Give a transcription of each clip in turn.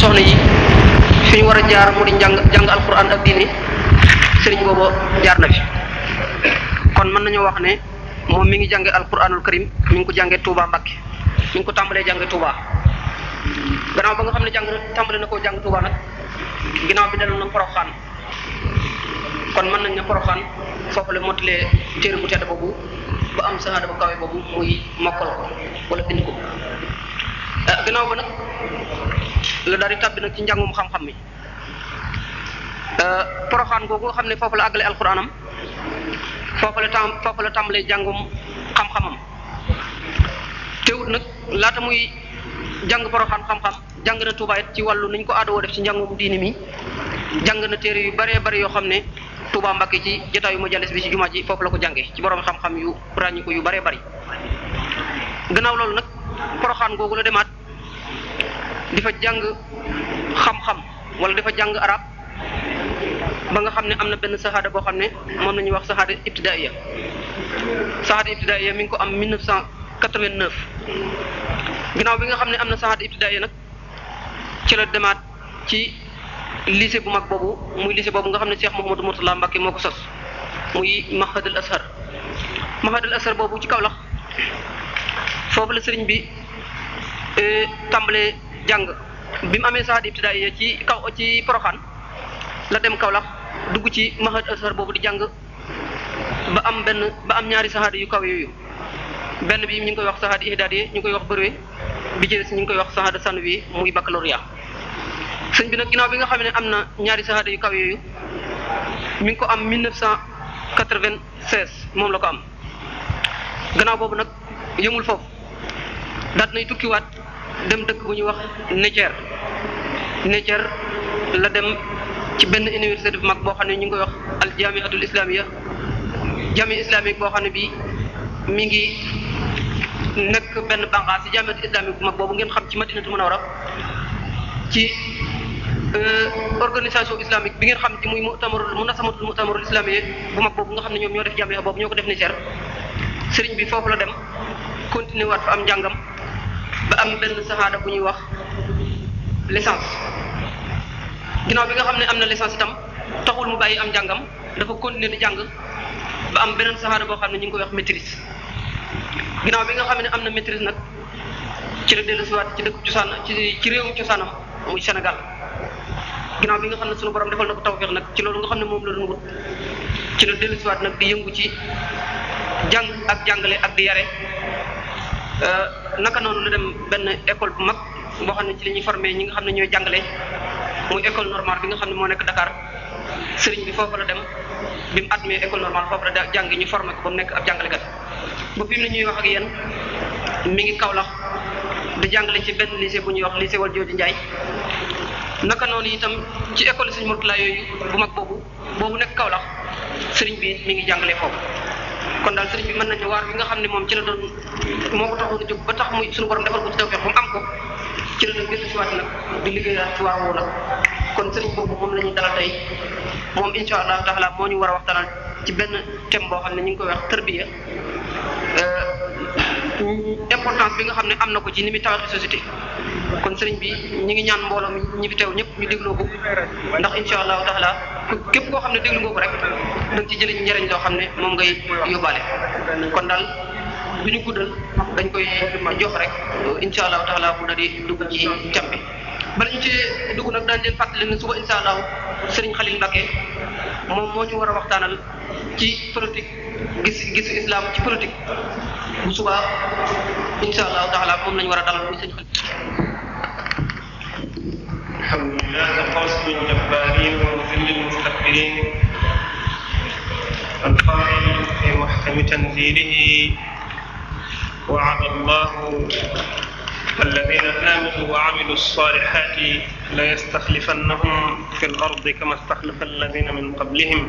soxna yi fi ñu war a jaar mu di jàng jàng alquran ak diine sëriñ boobu jaar na bi kon mën nañoo wax ne moom mi ngi jànge alquranul karim mi ngi ko jàngee tuubaa Mbakke mi ngi ko tàmbalee jàng Touba gannaaw ba nga xam ne jàng tàmbale na koo jàng Touba nag ginnaaw bi daloon na Poroxaan kon mën nañ ne Poroxaan foofu la mottalee téere bu tedd boobu ba am saxaada bu kawe boobu muy mokkal ko wala bind ko eh, gannaaw ba nag lu daal di tàbbi nag ci njàngum xam-xam mi euh, poroxaan googu xam ne foofu la àggale alxuraanam foofu la tam foofu la tàmbalee jàngum xam-xamam teewut nag laata muy jàng poroxaan xam-xam jàng na Tuubaa ci wàllu niñ ko aadowoo def ci njàngum diini mi jàng na téere yu baree bari yoo xam ne Tuubaa Mbàkke ci jotaayu majalis bi ci jumaa ci foofu la ko jàngee ci borom xam-xam yu ràññiku yu baree bari gannaaw loolu nag poroxaan googu la demaat. di fa jàng xam-xam wala di fa jàng arab ba nga xam ne am na benn saxaada boo xam ne moom la ñuy wax saxaada ibtidaaiya saxaada ibtidaaiya mi ngi ko am 1989 ginnaaw bi nga xam ne am na saxaada ibtidaaiya nag ci la demaat ci lycée bu mag boobu muy lycée boobu nga xam ne Cheikh Mouhamadou Mourtala Mbacké moo ko sos muy Mahadul Ashar Mahadul Ashar boobu ci Kaolack foofu la sëriñ bi eh, tàmbalee. jàng bi mu amee saxaat ibtidaay ci kaw ci Poroxaan la dem kaw lax dugg ci mahad asar boobu di jàng ba am benn ba am ñaari saxaat yu kaw yooyu benn bi ñu ngi koy wax saxaat ihdaad yi ñu koy wax brevet bi ci des ñu ngi koy wax saxaat sanwi muy baccalauréat sëñ bi nag ginaaw bi nga xam ne am na ñaari saxaat yu kaw yooyu mi ngi ko am vint 1996 moom la ko am gannaaw boobu nag yëmul foofu daal dinay tukkiwaat dem dëkk bu ñuy wax Niger Niger la dem ci benn université bu mag boo xam ne ñu ngi koy wax al jamiatul islamiya jami islamique boo xam ne bii mi ngi nekk benn banqaas ci jamiatul islamique bu mag boobu ngeen xam ci madinatu munawara ci euh, organisation islamique bi ngeen xam ci muy mutamarul munasamatul mutamarul islamiye bu mag boobu nga xam ne ñoom ñoo def jamiya boobu ñoo ko def Niger sëriñ bi foofu la dem continuer waat fa am njàngam am benn saxaada bu ñuy wax licence ginnaaw bi nga xam ne am na licence itam taxul mu bàyyi am jàngam dafa continuer di jàng ba am beneen saxaada boo xam ne ñu ngi koy wax maîtrise ginnaaw bi nga xam ne am na maîtrise nag ci la ci dëkk cosaan ci ci réewum cosaanam muy Sénégal ginnaaw bi nga xam ne sunu borom defal na ko nag ci loolu nga xam ne moom la doon wut ci la dellusiwaat nag di yëngu ci jàng ak jàngale ak di yare Euh, naka noonu na dem benn école bu mag boo xam ne ci li ñuy formé ñi nga xam ne ñooy jàngale muy école normale bi nga xam ne moo nekk Dakar sëriñ bi foofu la dem bi mu admé école normale foofu la jàng ñu formé ko ba mu nekk ab jàngalekat ba mu ne ñuy wax ak yéen mi ngi Kaolack di jàngale ci benn lycée bu ñuy wax lycée Valdiodio Ndiaye naka noonu itam ci école Sëriñ Mourtala yooyu bu mag boobu boobu nekk Kaolack sëriñ bi mi ngi jàngale foofu. kon daal sëriñ bi mën nañu waar bi nga xam ne moom ci la doon moo ko taxoon a jóg ba tax muy suñu borom defal ko ci tawfeex mu am ko ci la doon gëstu si waat nag di liggéeyaat ci waaw la kon sëriñ boobu moom la ñuy dalal tey moom insha allahu taala moo ñu war a waxtaanal ci benn thème boo xam ne ñu ngi koy wax tërbiya euh, importance bi nga xam ne am na ko ci ni muy tabaxi société kon sëriñ bi ñu ngi ñaan mbooloo mi ñi fi teew ñëpp ñu dégloo ko ndax insha allahu taala képp koo xam ne déglu nga ko rek da nga ci jëlee njëriñ loo xam ne moom ngay yóbbaale kon daal du ñu guddal dañ koy jox rek insha allahu taala bu daal di dugg ci cam bi bala ñu ci dugg nag daan leen fàttali ne suba insha allahu sëriñ Xalil Mbacke moom moo ñu war a waxtaanal ci politique gis gisu islam ci politique bu subaa insha allahu taala moom lañu war a dalal muy sëñ xel alhamdulillah القاسم الجبارين ومذل المستكبرين القائل في محكم تنزيله وعد الله الذين آمنوا وعملوا الصالحات ليستخلفنهم في الأرض كما استخلف الذين من قبلهم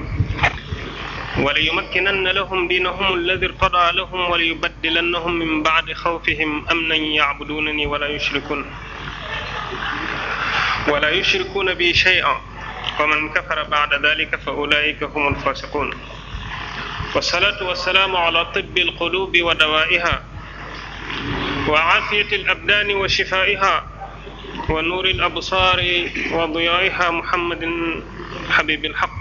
وليمكنن لهم دينهم الذي ارتضى لهم وليبدلنهم من بعد خوفهم أمنا يعبدونني ولا يشركون ولا يشركون بي شيئا ومن كفر بعد ذلك فأولئك هم الفاسقون والصلاة والسلام على طب القلوب ودوائها وعافية الأبدان وشفائها ونور الأبصار وضيائها محمد حبيب الحق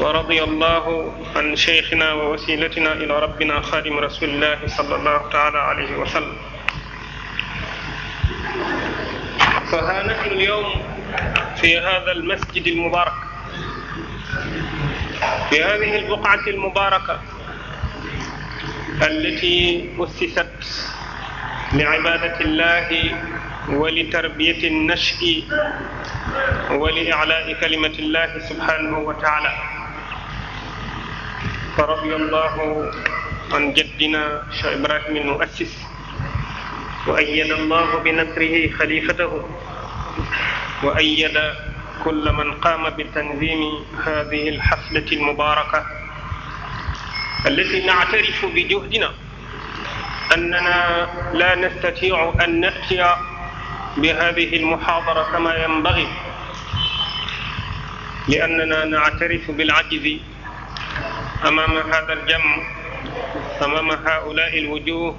ورضي الله عن شيخنا ووسيلتنا إلى ربنا خادم رسول الله صلى الله تعالى عليه وسلم فها نحن اليوم في هذا المسجد المبارك في هذه البقعة المباركة التي أسست لعبادة الله ولتربية النشء ولإعلاء كلمة الله سبحانه وتعالى فرضي الله عن جدنا شيخ إبراهيم المؤسس وأيد الله بنصره خليفته وأيد كل من قام بتنظيم هذه الحفلة المباركة التي نعترف بجهدنا أننا لا نستطيع أن نأتي بهذه المحاضرة كما ينبغي لأننا نعترف بالعجز أمام هذا الجمع أمام هؤلاء الوجوه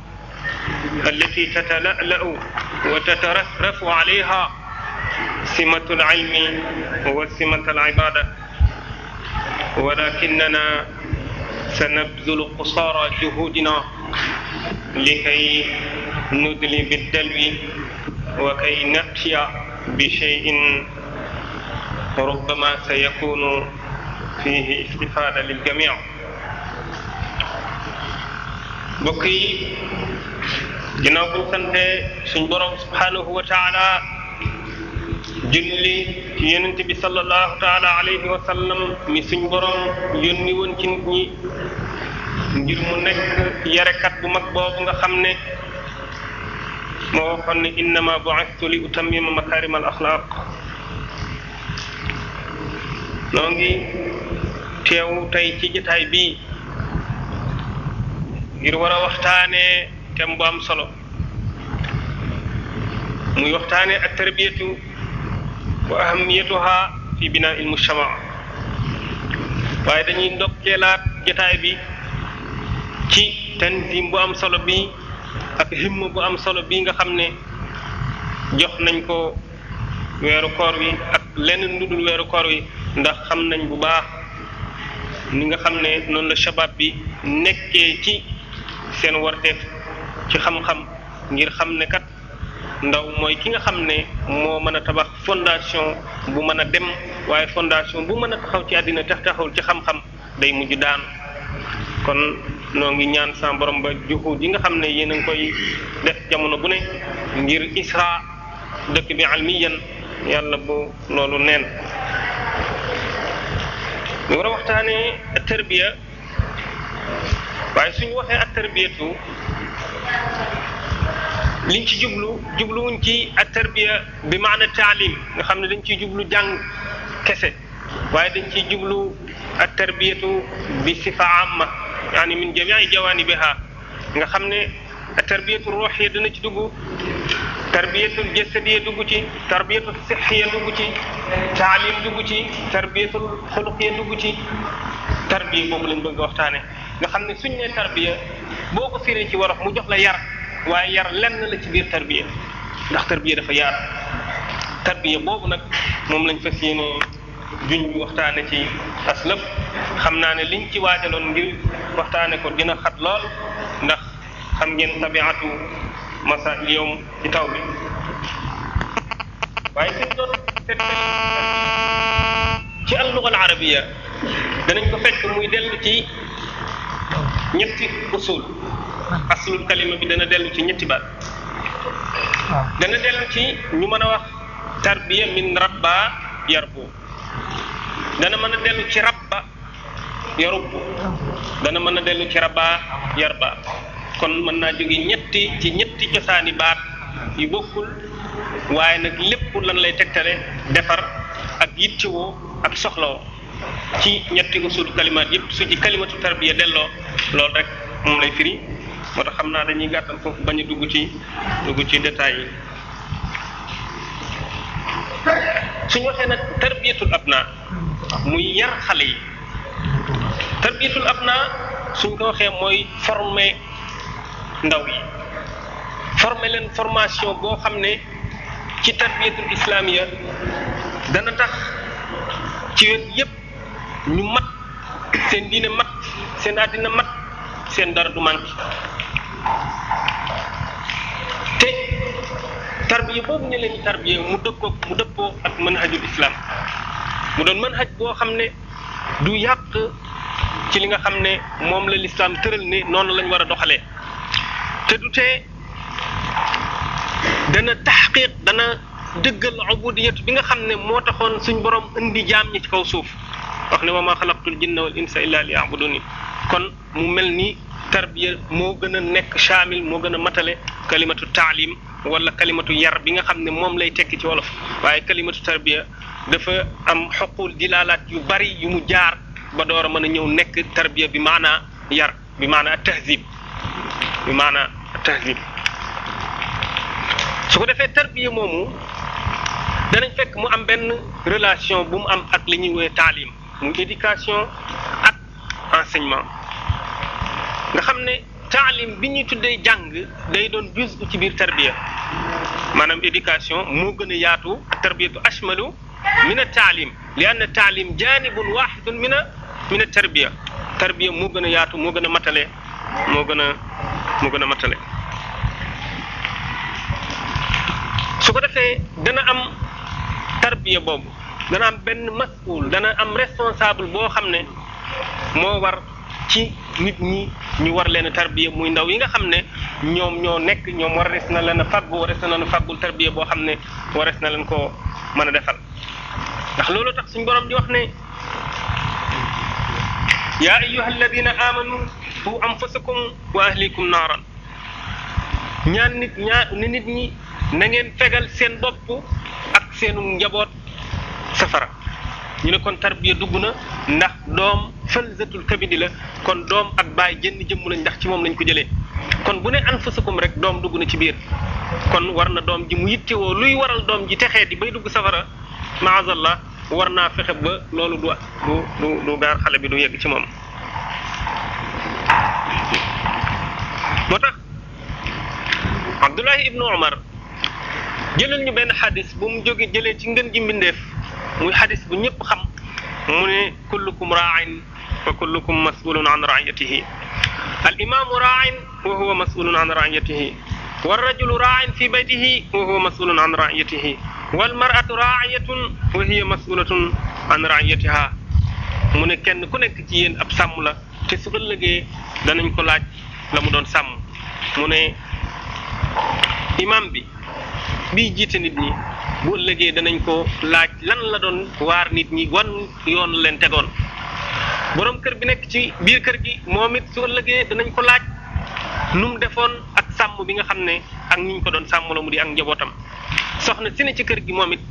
التي تتلألأ وتترفرف عليها سمة العلم وسمة العبادة ولكننا سنبذل قصارى جهودنا لكي ندلي بالدلو وكي نأتي بشيء ربما سيكون فيه استفادة للجميع mbokk yi ginnaaw bu sante suñ borom subhanahu wa taala julli ci yonent bi sallallahu taala alayhi wa sallam mi suñ borom yónni woon ci nit mu nekk yarekat bu mag boobu nga xam ne moo waxoon ne innama bu'istu li utammima bii ngir war a waxtaanee thème bu am solo muy waxtaanee ak tarbiyatu wa ahamiyatuha fi binaa il mujtamaa waaye dañuy ndokkeelaat jataay bi ci tantim bu am solo bi ak himma bu am solo bi nga xam ne jox nañ ko weeru koor wi ak lenn lu weeru koor wi ndax xam nañ bu baax ni nga xam ne noonu la shabab bi nekkee ci seen warteef ci xam-xam ngir xam ne kat ndaw mooy ki nga xam ne moo mën a tabax fondation bu mën a dem waaye fondation bu mën a taxaw ci àddina tax taxawul ci xam-xam day mujj daan kon noo ngi ñaan sa borom ba juhud yi nga xam ne yéen a koy def jamono bu ne ngir isra dëkk bi almiyan yàlla boo loolu neen ñu war a waxtaanee tarbiya waaye suñu waxee ak tarbiyatu liñ ci jublu jubluwuñ ci ak tarbiya bi maana taalim nga xam ne dañ ciy jublu jàng kese waaye dañ ciy jublu ak tarbiyatu bi sifa amma yaani min jamii jawaanibiha nga xam ne ak tarbiyatu ruuxiya dana ci dugg tarbiyatul jasadiya duggu ci tarbiyatul sixya dugg ci taalim dugg ci tarbiyatul xuluqiya duggu ci tarbiya boobu lañ bëgg a waxtaane nga xam ne suñ ne tarbiya boo ko firee ci wolof mu jox la yar waaye yar lenn la ci biir tarbiya ndax tarbiya dafa yaar tarbiya boobu nag moom lañ fas yéene juñ bi waxtaane ci aslëf xam naa ne liñ ci waajaloon ngir waxtaane ko dina xat lool ndax xam ngeen tabiatu masa yow ci taw bi waaye seen doon seen ci alluga danañ ko fekk muy dellu ci ñetti usul aslul kalima bi dana dellu ci ñetti baat dana dellu ci ñu mën a wax tarbiya min rabba yarbu dana mën a dellu ci rabba yarubbu dana mën a dellu ci rabba kon mën naa jóge ñetti ci ñetti cosaani baat yu bokkul waaye nag lépp lan lay tegtale defar ak yittewoo ak soxlawoo ci ñetti usul kalimaat yëpp su ci kalimatu tarbiya delloo loolu rek moom lay firi moo tax xam naa dañuy gàttal foofu bañ a dugg ci dugg ci détails yi suñu waxee nag tarbiyatul abna muy yar xale yi tarbiyatul abna suñ ko waxee mooy former ndaw yi former leen formation boo xam ne ci tarbiyatul islamiya dana tax ci wet yépp ñu mat seen diine mat seen àddina mat seen dara du manqué te tarbiya boobu ñu leen di tarbiya mu dëppoo mu dëkkoo ak mën manhajul islaam mu doon manhaj boo xam ne du yàq ci li nga xam ne moom la lislaam tëral ne noonu lañu war a doxalee te du tee dana taxqiq dana dëggal ubudiyatu bi nga xam ne moo taxoon suñ borom indi ñi ci kaw suuf wax ne wa ma xalaqtul jinna wal insa illa liya'buduni kon mu mel ni tarbiya moo gën a nekk chaamil moo gën a matale kalimatu taalim wala kalimatu yar bi nga xam ne moom lay tekki ci wolof waaye kalimatu tarbiya dafa am xoqul dilaalaat yu bari yu mu jaar ba doora a mën a ñëw nekk tarbiya bi maanaa yar bi maanaa tahzib bi maana tahlil su ko defee tarbiya moomu danañ fekk mu am benn relation bu mu am ak li ñuy woowee taalim muy éducation ak enseignement nga xam ne taalim bi ñuy tuddee jàng day doon bus ci biir tarbiya maanaam éducation moo gën a yaatu tarbiyatu ashmalu min a taalim li anna taalim jaanibun waxidun min a min a tarbiya tarbiya moo gën a yaatu moo gën a matale moo gën a moo gën a matale su ko defee dana am tarbiya boobu dana am benn masul dana am responsable boo xam ne moo war ci nit ñi ñu war leen tarbiya muy ndaw yi nga xam ne ñoom ñoo nekk ñoom war res na leen a fàggu wares na leen a fàggul tarbiya boo xam ne wares na leen ko mën a defal ndax loolu tax suñu borom di wax ne yaa ayyuha alladina amanu qu anfusakum wa ahlikum naaran ñaan nit ñaa ni nit ñi na ngeen fegal seen bopp ak seenu njaboot safara ñu ne kon tarbiya dugg na ndax doom falzatul kabidi la kon doom ak baay jënn jëmm lañ ndax ci moom lañ ko jëlee kon bu ne anfusakum rek doom dugg na ci biir kon war na doom ji mu yittewoo luy waral doom ji texee di bay dugg safara maazallah war naa fexe ba loolu du du du gaar xale bi du yegg ci moom moo tax Abdullahi ibnu Umar jëlal ñu benn xadis bu mu jóge jëlee ci ngën gi mbindeef muy xadis bu ñëpp xam mu ne kullukum raain wa kullukum masulun an raiyatihi al imaamu raain wa huwa masulun an raiyatihi wa rajulu raain fi baytihi wa huwa masulun an raiyatihi wal mar'atu raiyatun wa hiya masulatun an raiyatiha mu ne kenn ku nekk ci yéen ab sàmm la te su ëllëgee danañ ko laaj la mu doon sàmm mu ne imam bi bii jiite nit ñi bu ëllëgee danañ ko laaj lan la doon waar nit ñi wan yoon leen tegoon borom kër bi nekk ci biir kër gi moom it su ëllëgee danañ ko laaj nu mu defoon ak sàmm bi nga xam ne ak ni ñu ko doon sàmm mu di ak njabootam soxna si ne ci kër gi moom it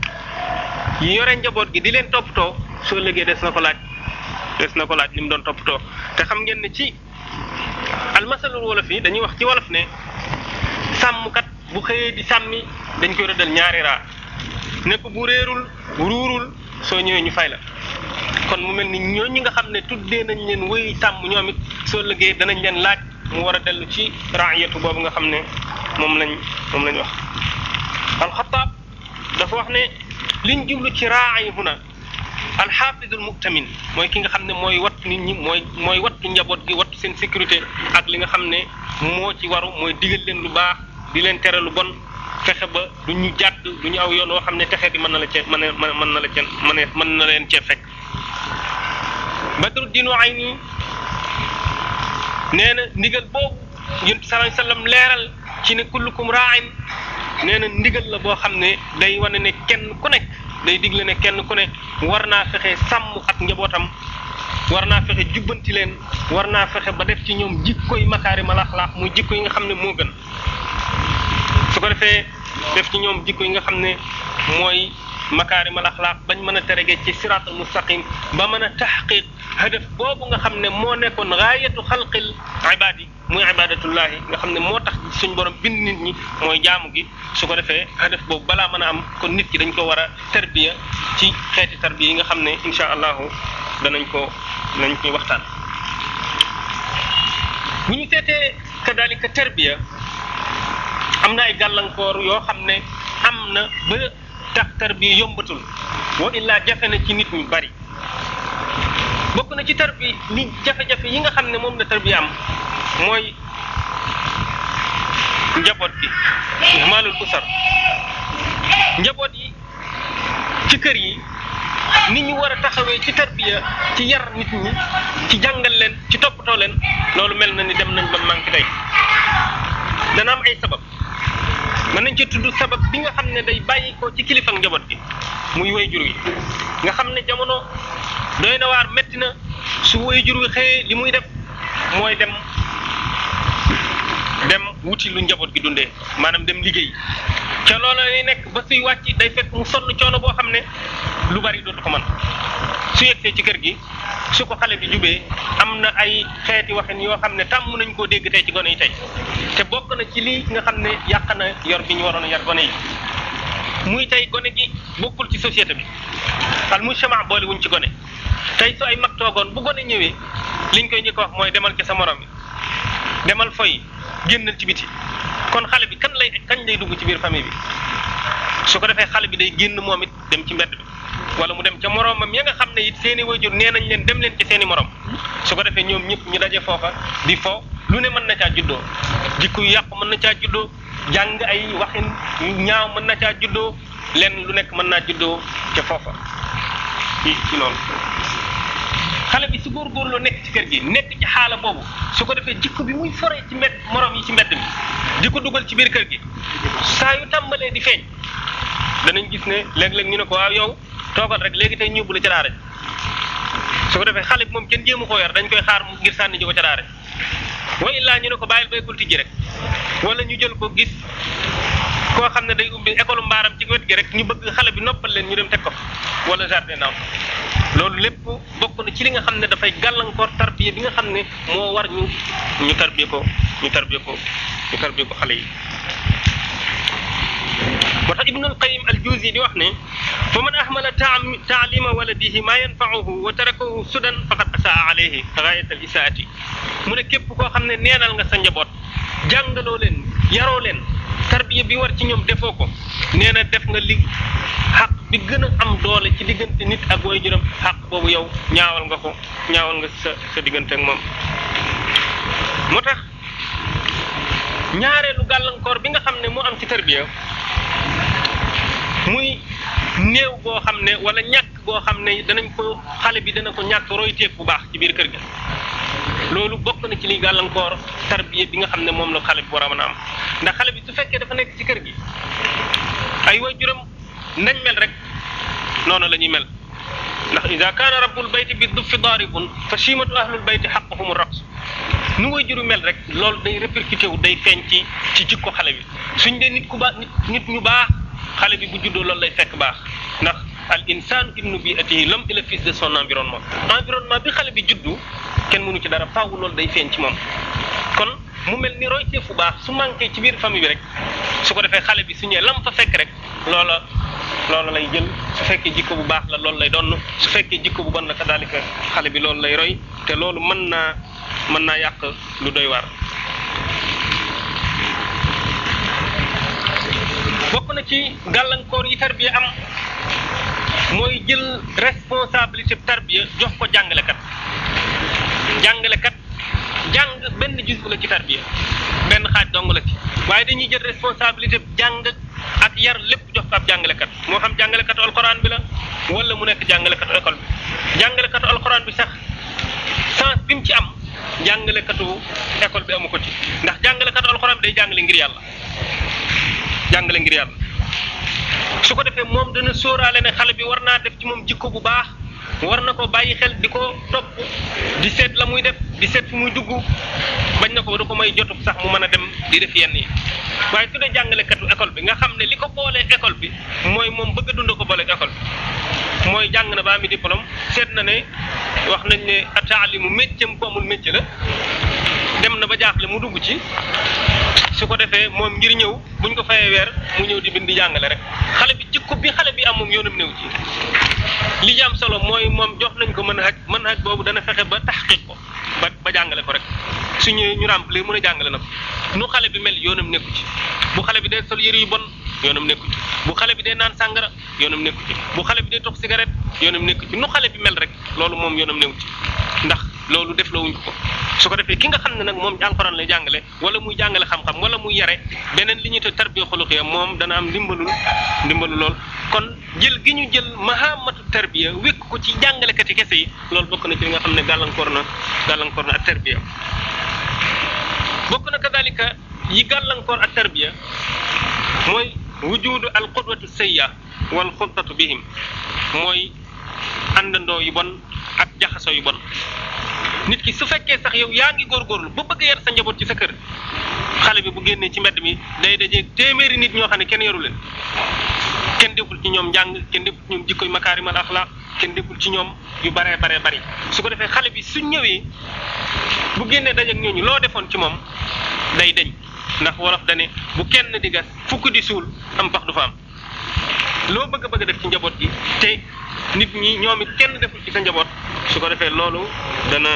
yi yore njaboot gi di leen toppatoo soo ëllëgee des na ko laaj des na ko laaj ni mu doon toppatoo te xam ngeen ne ci. almasalul wolof yi dañuy wax ci wolof ne sàmmkat bu xëyee di sàmmi dañ koy rëddal ñaari raa ne ko bu réerul ruurul soo ñëwee ñu fay la kon mu mel ni ñooñu nga xam ne tuddee nañ leen wéy sàmm ñoom it soo liggéey danañ leen laaj mu war a dellu ci raayatu boobu nga xam ne moom lañ moom lañ wax alxataab dafa wax ne liñ jublu ci raay huna alxaafidul muktamin mooy ki nga xam ne mooy wattu nit ñi mooy mooy wattu njaboot gi wattu seen sécurité ak li nga xam ne moo ci waru mooy digal leen lu baax di leen tere lu bon fexe ba du ñu jàdd du ñu aw yoon woo xam ne texe bi mën na la cee mën mën na la cee mën na leen cee fekk Badruddin Ayni nee na ndigal boobu yonent sallallahu alayhi wasallam leeral ci ne kull ra'in nee na ndigal la boo xam ne day wane ne kenn ku nekk day digle ne kenn ku ne war naa fexe sàmm ak njabootam war naa fexe jubbanti leen war naa fexe ba def ci ñoom jikko yi makaarimal axlaaq muy jikko yi nga xam ne moo su ko defee def ci ñoom jikko yi nga xam ne mooy makaarimal axlaaq bañ mën a terege ci siraatal mustaqim ba mën a taxqiq hadaf boobu nga xam ne moo nekkoon raayatu xalqil ibaad yi muy ibaadatullahi nga xam ne moo tax suñ borom bind nit ñi mooy jaamu gi su ko defee hadaf boobu balaa mën a am kon nit ki dañ koo war a tarbiya ci xeeti tarbiya yi nga xam ne insha allah danañ ko danañ koy waxtaan bu ñu seetee kadalika tarbiya am na ay gàllankoor yoo xam ne am na ba tax tarbiya yombatul wa illaa jafe na ci nit ñu bari bokk na ci tarbi ni jafe-jafe yi nga xam ne moom la tarbi am mooy njaboot gi maalul usar njaboot yi ci kër yi ni ñu war a taxawee ci tarbiya ci yar nit ñi ci jàngal leen ci toppatoo leen loolu mel na ni dem nañ ba manqué tey dana am ay sabab mën nañ ci tudd sabab bi nga xam ne day bàyyi ci kilifa njaboot bi muy wayjur wi nga xam ne jamono doy na waar na su jur wi xëyee li muy def mooy dem dem wuti lu njaboot gi dundee maanaam dem liggéey ca loola lay nekk ba suy wàcc day fekk mu sonn coono boo xam ne lu bari dootu ko mën su yegsee ci kër gi su ko xale bi jubee am na ay xeeti waxin yoo xam ne tàmm nañ koo dégg tey ci gone yi tey te bokk na ci lii nga xam ne yàq na yor bi ñu waroon a yar gone yi muy tey gone gi bokkul ci société bi al mujtama boole wuñ ci gone tey su ay mag toogoon bu gone ñëwee liñ koy njëkk wax mooy demal ci sa morom demal foy génnal ci biti kon xale bi kan lay kañ lay dugg ci biir famille bi su ko defee xale bi day génn moom it dem ci mbedd bi wala mu dem ca moroomam ya nga xam ne it seeni wayjur nee nañ leen dem leen ci seeni moroom su ko defee ñoom ñëpp ñu daje foofa di fo lu ne mën na caa juddoo jikko yu yàqu mën na caa juddoo jàng ay waxin ñaaw mën na caa juddoo leen lu nekk mën naa juddoo ca foofa ci ci xale bi ci góor góorgóorloo nekk ci kër gi nekk ci xaala boobu su ko defee jikko bi muy foree ci mbedd morom yi ci mbedd mi di ko dugal ci biir kër gi saa yu tàmbalee di feeñ danañ gis ne léeg-léeg ñu ne ko waaw yow toogal rek léegi tey ñubbu la ca daara ji su ko defee xale bi moom kenn jéemu ko yar dañ koy xaar ngir sànni ji ko ca daara ji wa illaa ñu ne ko bàyyil baykul tijji rek wala ñu jël ko gis koo xam ne day ubbi école mbaaram ci wet gi rek ñu bëgg xale bi noppal leen ñu dem teg ko wala jardin am loolu lépp bokk na ci li nga xam ne dafay gàllankoor tarbiya bi nga xam ne moo war ñu ñu tarbiya ko ñu tarbiya ko ñu tarbiya ko xale yi ba tax ibnu alqayim aljuzi di wax ne fa man ahmala taalima waladihi maa yanfauhu wa tarakahu sudan faqad asaa alayhi gaayat al isaati mu ne képp koo xam ne neenal nga sa njaboot jàngaloo leen yaroo leen tarbiya bi war ci ñoom defoo ko nee na def nga li xaq bi gën a am doole ci diggante nit ak way juróom xaq boobu yow ñaawal nga ko ñaawal nga sa sa diggante moom moo ñaareelu gàllankoor bi nga xam ne moo am ci tarbiya muy néew goo xam ne wala ñàkk goo xam ne danañ ko xale bi dana ko ñàkk royteef bu baax ci biir kër gi loolu bokk na ci liy gàllankoor tarbiya bi nga xam ne moom la xale bi war a mën a am ndax xale bi su fekkee dafa nekk ci kër gi ay waajuram nañ mel rek noonu la mel ndax ida kaana rabbul bayti bi duffi daribun fa chimatu ahlul bayti xaqahum raqs nu way juru mel rek loolu day répercuté wu day feeñ ci ci jikko xale bi suñ dee nit ku baax nit ñu baax xale bi bu juddoo loolu lay fekk baax ndax al insaan ibnu bi'atihi l'homme est le fils de son environnement environnement bi xale bi juddu kenn mënu ci dara faawu loolu day feeñ ci moom kon mu mel ni roy fu baax su manqué ci biir famille bi rek su ko defee xale bi su ñëwee lam fa fekk rek loola loola lay jël su fekkee jikko bu baax la loolu lay donn su fekkee jikko bu bon la kadaalika xale bi loolu lay roy mën naa yàq lu doy war bokk na ci gàllankoor yi tarbiya am mooy jël responsabilité tarbiya jox ko jàngalekat jàngalekat jàng benn juzu la ci tarbiya benn xaaj dong la ci waaye dañuy jël responsabilité jàng ak yar lépp jox ko ab jàngalekat moo xam jàngalekatu alxuraan bi la wala mu nekk jàngalekatu école bi jàngalekatu alxuraan bi sax sens bi mu ci am jàngalekatu école bi amu ko ci ndax jàngalekatu alxuraan bi day jàngale ngir yàlla jàngale ngir yàlla su ko defee moom dana sóoraale ne xale bi war naa def ci moom jikko bu baax war na ko bàyyi xel di ko topp di seet la muy def di seet fu mu dugg bañ na ko war du ko may jotub sax mu mën a dem di def yenn yi waaye su dee jàngalekatu école bi nga xam ne li ko boolee école bi mooy moom bëgg a ko booleeg école bi mooy jàng na ba mi diplôme seet na ne wax nañ ne ataalimu métier mu ko amul métier la dem na ba jaaxle mu dugg ci su ko defee moom ngir ñëw buñ ko fayee weer mu ñëw di bind jàngale rek xale bi jikko bi xale bi am moom yoonam néew ci li ci am solo mooy moom jox nañ ko mën a xaj mën a boobu dana fexe ba taxqiq ko ba ba jàngale ko rek su ñëwee ñu remplir mën a jàngale na nu xale bi mel yoonam nekku ci bu xale bi dee sol yére yu bon yoonam nekku ci bu xale bi dee naan sàngara yoonam nekku ci bu xale bi dee tox cigarette yoonam nekku ci nu xale bi mel rek loolu moom yoonam nekku ci ndax loolu def lawuñ ko su ko defee ki nga xam ne nag moom alxuraan jàngale wala muy jàngale xam-xam wala muy yare beneen li ñuy te tarbiya xuluqiya moom dana am ndimbalul ndimbalu lool kon jël gi ñu jël mahamatu tarbiya wékk ko ci jàngalekat yi kese yi loolu bokk na ci li nga xam ne gàllankoor na gàllankoor na ak tarbiya na kadalika yi gàllankoor ak tarbiya mooy wujudu al qudwatu sayya wal xultatu bihim mooy àndandoo yu bon ak jaxaso yu bon nit ki su fekkee sax yow yaa ngi góor góorgóorlu ba bëgg yar sa njaboot ci sa kër xale bi bu génnee ci mbedd mi day dajee téeméeri nit ñoo xam ne kenn yaru leen kenn deful ci ñoom njàng kenn deful ci ñoom jikkoy makaarimal axlaaq kenn deful ci ñoom yu baree baree bari su ko defee xale bi suñ ñëwee bu génnee dajeek ñooñu loo defoon ci moom day deñ ndax wolof dane bu kenn di gas fukk di suul am pax du fa am loo bëgg a bëgg a def ci njaboot gi te nit ñi ñoom it kenn deful ci sa njaboot su ko defee loolu dana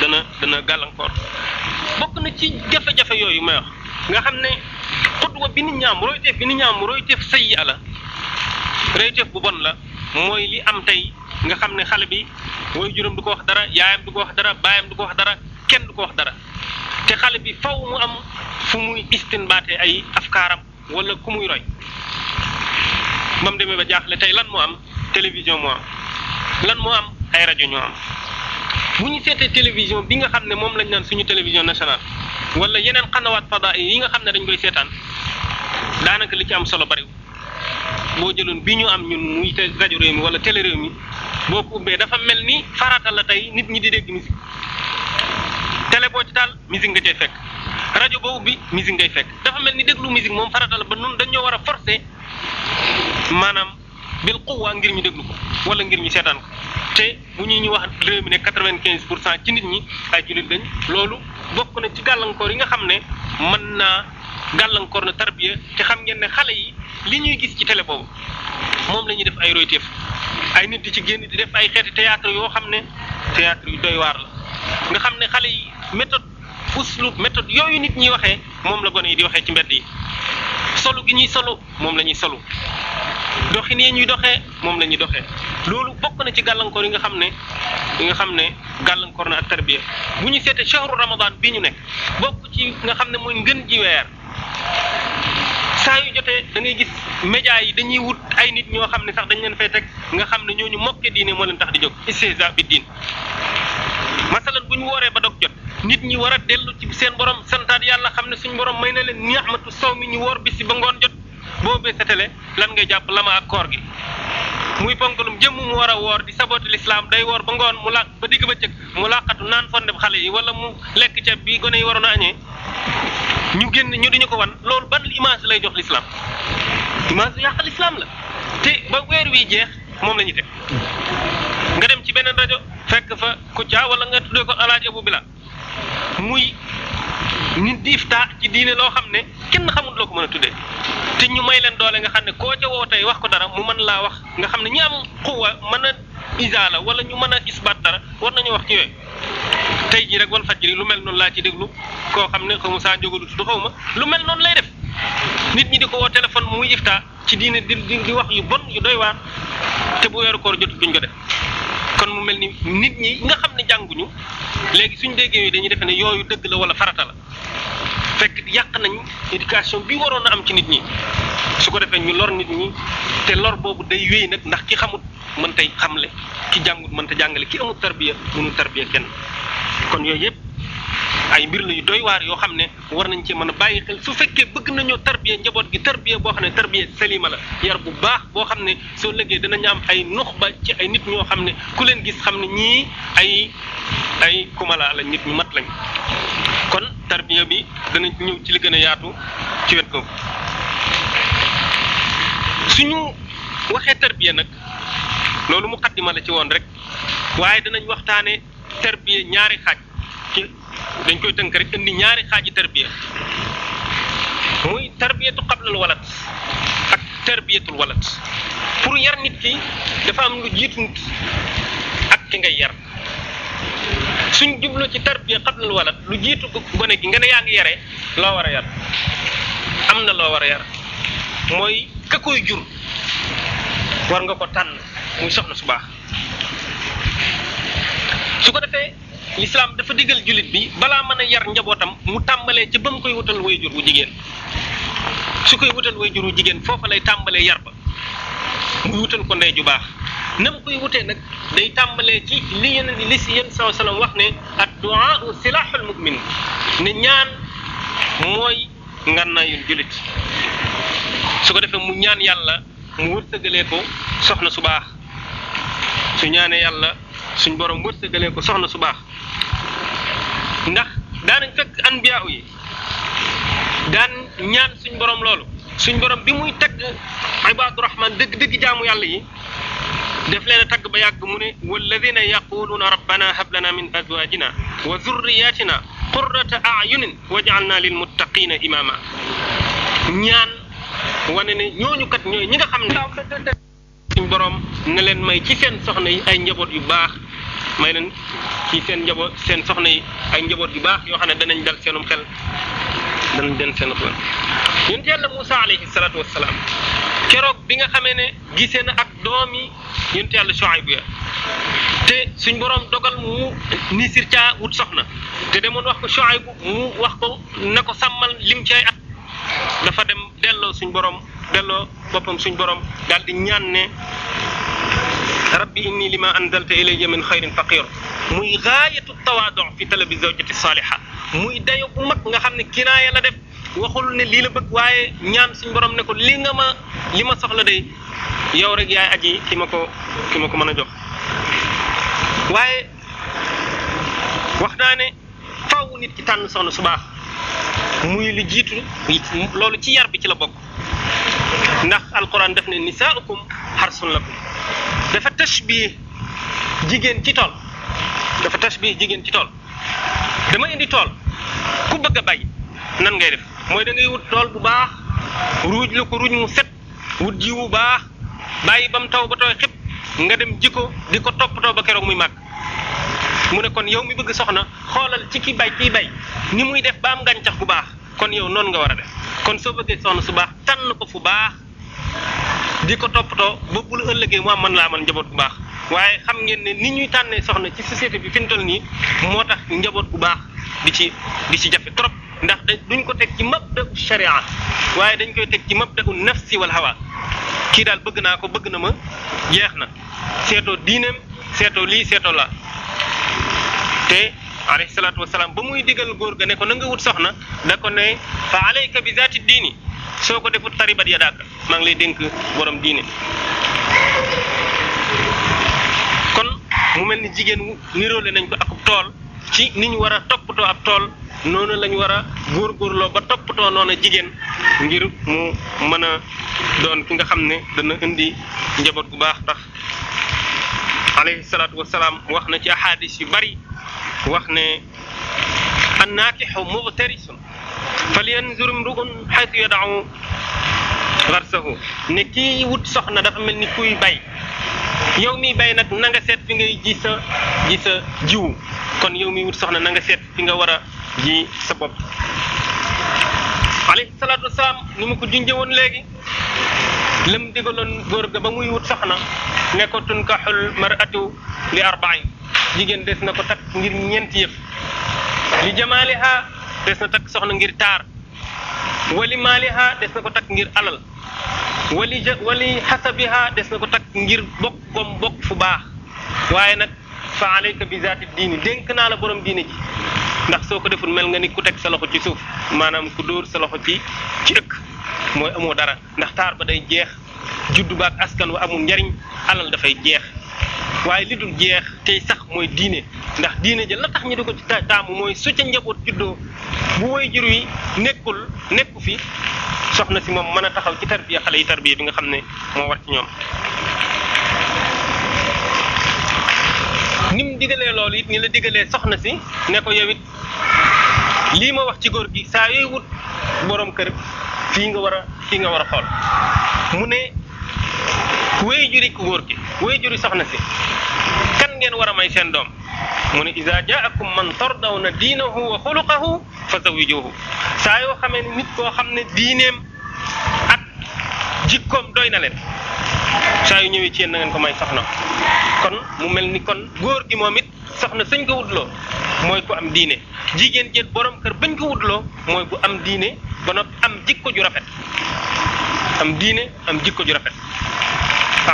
dana dana gàllankoor bokk na ci jafe-jafe yooyu may nga xam ne xutwa bi nit ñaam royteef bi nit ñaam royteef sayyi la bon la mooy am tey nga xam ne xale bi mooy juróom du ko wax dara yaayam du ko wax dara baayam du ko wax dara kenn du ko wax dara te xale bi faw mu am fu muy istinbaate ay afkaaram wala ku muy roy ba mu demee ba jaaxle tey lan moo am télévision moo am lan moo am ay rajo ñoo am bu ñu seetee télévision bi nga xam ne moom lañ naan suñu télévision nationale wala yeneen xanawaat fada yi nga xam ne dañ koy seetaan daanaka li ci am solo bariwul boo jëloon bi ñu am ñun muy rajo réew mi wala télé réew mi boo ko ubbee dafa mel ni faraatal la tey nit ñi di dégg musique télé boo ci taal musique nga cay fekk rajo boo ubbi musique ngay fekk dafa mel ni déglu musique moom farata la ba nun dañoo war a forcer maanaam bil quwwa ngir ñu déglu ko wala ngir ñu seetaan ko te bu ñu ñu wax réew mi ne quatre pour cent ci nit ñi ay jullit lañ loolu bokk na ci gàllankoor yi nga xam ne mën naa gàllankoor na tarbiya te xam ngeen ne xale yi li ñuy gis ci télé boobu moom la ñuy def ay royteef ay nit di ci génn di def ay xeeti théâtre yoo xam ne théâtre yu doy waar la nga xam ne xale yi méthode uslub méthode yooyu nit ñi waxee moom la gone yi di waxee ci mbedd yi solu gi ñuy solu moom la ñuy solu doxin yi ñuy doxee moom la ñuy doxee loolu bokk na ci gàllankoor yi nga xam ne yi nga xam ne gàllankoor na ak tarbiya bu ñu seetee shahru ramadan bi ñu nekk bokk ci nga xam ne mooy ngën ji weer saa yu jotee da ngay gis média yi dañuy wut ay nit ñoo xam ne sax dañ leen fay teg nga xam ne ñoo ñooñu mokke diine moo leen tax di jóg istihza bi diin masalan bu ñu wooree ba dog jot nit ñi war a dellu ci seen borom santaat yàlla xam ne suñ borom may na leen ni'matu saw mi ñu woor bis ba ngoon jot boo beesatale lan ngay jàpp lama ak koor gi. muy ponkalum jëmm mu war a woor di saboté lislaam day woor ba ngoon mu làq ba digg ba cëg mu làqatu naan fonde xale yi wala mu lekk ceeb bi gone yi waroon naa añee ñu génn ñu duñu ko wan loolu ba image lay jox lislaam image yàq lislaam la te ba weer wi jeex moom la ñu teg nga dem ci beneen rajo fekk fa Kouthia wala nga tuddee ko Alaaji Abu Bilal muy nit di ifta ci diine loo xam ne kenn xamul loo ko mën a tuddee te ñu may leen doole nga xam ne koo ca woo tey wax ko dara mu mën laa wax nga xam ne ñi am xuwa mën a isaala wala ñu mën a gis isbaat dara war nañu wax ci yooyu tey jii rek wal fajri lu mel noonu laa ci déglu koo xam ne xaw ma saa njógalu tudd xaw ma lu mel noonu lay def nit ñi di ko woo téléphone muy ifta ci diine di di wax yu bon yu doy waar te bu weeru koor jot duñ ko def kon mu mel ni nit ñi nga xam ne jànguñu léegi suñ déggee yooyu dañuy defe ne yooyu dëgg la wala farata la fekk yàq nañ éducation bi waroon a am ci nit ñi su ko defee ñu lor nit ñi te lor boobu day wéy nag ndax ki xamut mën tey xamle ki jàngut mën ta jàngale ki amut tarbiya mënul tarbiya kenn kon yooyu yëpp ay mbir la yu doy waar yoo xam ne war nañ ci mën a bàyyi xel su fekkee bëgg nañoo tarbiya njaboot gi tarbiya boo xam ne tarbiya salima la yar bu baax boo xam ne soo lëggee danañ am ay nuxba ci ay nit ñoo xam ne ku leen gis xam ne ñii ay ay kumala nit ñu mat lañ kon tarbiya bi danañ ñëw ci li gën a yaatu ci wet ko suñu waxee tarbiya nag loolu muqaddima la ci woon rek waaye danañ waxtaane tarbiya ñaari xaaj dañ koy tënk rek indi ñaari xaaji tarbiya muy tarbiyatu qablal walat ak tarbiyatul walat pour yar nit ki dafa am lu jiitu nit ak ki ngay yar suñ jubloo ci tarbiya qablal walat lu jiitu gone gi nga yaa ngi yare loo war a yar am na loo war a yar mooy ka koy jur war nga ko tànn muy soxna su baax su ko defee lislaam dafa digal jullit bi balaa mën a yar njabootam mu tàmbalee ca ba mu koy wutal wayjur wu jigéen su koy wutal wayjur wu jigéen foofa lay tàmbalee yar ba muy wutal ko ndey ju baax nam koy wutee nag day tàmbalee ci li yeneen li si yéen saa salaam wax ne ad duaa silaaxul mu'min ne ñaan mooy ngànnaayul jullit su ko defee mu ñaan yàlla mu wërsëgalee ko soxna su baax su ñaanee yàlla suñ borom wërsëgalee ko soxna su baax ndax daanañ fekk anbiyaaw yi daan ñaan suñ borom loolu suñ borom bi muy tagg ibaadu rahman dëgg dëgg jaamu yàlla yi def leen a tagg ba yàgg mu ne walladina yaquluuna rabbana hab lana min azwajina wa zurriyatina qurrata ayunin waj'alna lil muttaqina imama ñaan wane ne ñooñu kat ñooy ñi nga xam ne suñ borom ne leen may ci seen soxna yi ay njaboot yu baax may leen ci seen njaboot seen soxna yi ay njaboot yu baax yoo xam ne danañ dal seenum xel danañ den seen xel yonent yàlla Moussa alayhi salaatu wassalaam keroog bi nga xamee ne gisee na ak doom yi yonent yàlla Shuayb ya te suñ borom dogal mu nisir caa wut soxna te demoon wax ko Shuayb mu wax ko na ko sàmmal lim cay at dafa dem delloo suñ boroom delloo boppam suñ boroom daal di ñaan ne rabbi inni lima anzalta ilayya min xayrin faqir muy gaayatu tawaadu fi talabi zawjati saaliha muy dayo bu mag nga xam ne kinaaya la def waxul ne lii la bëgg waaye ñaan suñ borom ne ko li nga ma li ma soxla day yow rek yaay aji ki ma ko ki ma ko mën a jox waaye wax naa ne faw nit ki tànn soxna su baax muy lu jiitu loolu ci yar bi ci la bokk ndax alquran def ne nisaaukum xarsun lakum dafa tashbih jigéen ci tool dafa tashbih jigéen ci tool dama indi tool ku bëgg a bay nan ngay def mooy dangay wut tool bu baax ruuj la ko ruuj mu set wut jiw bu baax bàyyi ba mu taw ba tawe xëpp nga dem ji ko di ko toppatoo ba keroog muy màgg mu ne kon yow mi bëgg soxna xoolal ci ki bay kiy bay ni muy def ba am gàncax bu baax kon yow noonu nga war a def kon soo bëggee soxna su baax tànn ko fu baax di ko toppatoo ba bu la mën laa man njaboot bu baax waaye xam ngeen ne ni ñuy tànnee soxna ci société bi fi ñu nii moo tax njaboot bu baax di ci di ci jafe trop ndax duñ ko teg ci mabda u sharia waaye dañ koy teg ci mabda u nafsi wal hawa kii daal bëgg naa ko bëgg na ma jeex na seetoo diineem seeto lii seeto la te alayhi salaatu wasalaam ba muy digal góor ga ne ko na wut soxna da ko ne fa alayka bi zaati diini soo ko defut taribat ya daaka maa ngi lay dénk borom diine kon mu mel ni jigéen niroole nañ ko ak tool ci ni ñu war a toppatoo ab tool noonu lañ war a góorgóorloo ba toppatoo noonu jigéen ngir mu mën a doon ki nga xam ne dana indi njaboot gu baax tax alayhi salaatu wasalaam wax na ci ahadis yu bari wax ne an naakixu mugtarisun fal yanzur imruun xaytu yadaau garsahu ne kii wut soxna dafa mel ni kuy bay yow miy bay nag na nga seet fi ngay ji sa ji sa jiwu kon yow mi wut soxna na nga seet fi nga war a ji sa bopp alayhi salaatu wasalaam ni ma ko junjee woon léegi lam digaloon góor ga ba muy wut soxna ne ko tunkaxul maratu li arbain jigéen des na ko takk ngir ñeenti yëf li jamaaliha des na takk soxna ngir taar wali maaliha des na ko takk ngir alal wali wali xasabiha des na ko takk ngir bokk gom bokk fu baax waaye nag fa alayka bi zaati diini dénk naa la boroom diine ji ndax soo ko deful mel nga ni ku teg sa loxo ci suuf maanaam ku dóor sa loxo ci ci ëkk mooy amoo dara ndax taar ba day jeex juddu baak askan wa amul njariñ alal dafay jeex waaye li dul jeex tey sax mooy diine ndax diine ja la tax ñu di ko ci taamu mooy su ca njaboot juddoo bu woy jur wi nekkul nekku fi soxna si moom mën a taxaw ci tarbiya xale yi tarbiya bi nga xam ne moo war ci ñoom ni mu digalee loolu it ni la digalee soxna si ne ko yow it lii ma wax ci góor gi saa yooy wut borom kër fii nga war a fii nga war a xool mu ne wéy juri góor gi wéy juri soxna si kan ngeen war a may seen doom mu ne iza jaakum man tardawna diinahu wa xuluqahu fa zawijuhu saa yoo xamee nit koo xam ne diineem ak jikkoom doy na leen saa yu ñëwee ci yéen na ko may soxna kon mu mel ni kon góor gi moom it soxna sëñ ko wutloo mooy ku am diine jigéen jël borom kër bañ ko wutloo mooy ku am diine ba noppi am jikko ju rafet am diine am jikko ju rafet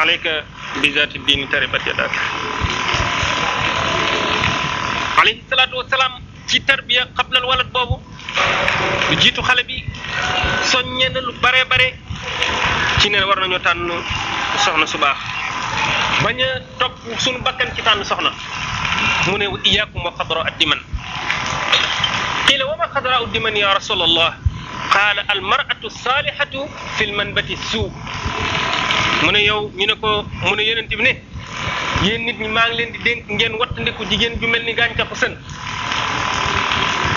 alayka bi zaati diini taribat yadak alayhi salaatu wasalaam ci tarbiya xablal walad boobu lu jiitu xale bi soññee na lu bare bare ci ne war nañoo tànn nekk soxna su baax bañ a sunu suñu bakkan ci tànn soxna mu ne iyaakum wa xadra addiman qiila wa ma xadra addiman ya rasulallah qaala al maratu saalihatu fi l manbati suu mu ne yow ñu ne ko mu ne yonent bi ne nit ñi maa ngi leen di dénk ngeen wattandiku jigéen ju mel ni gàncaxu sën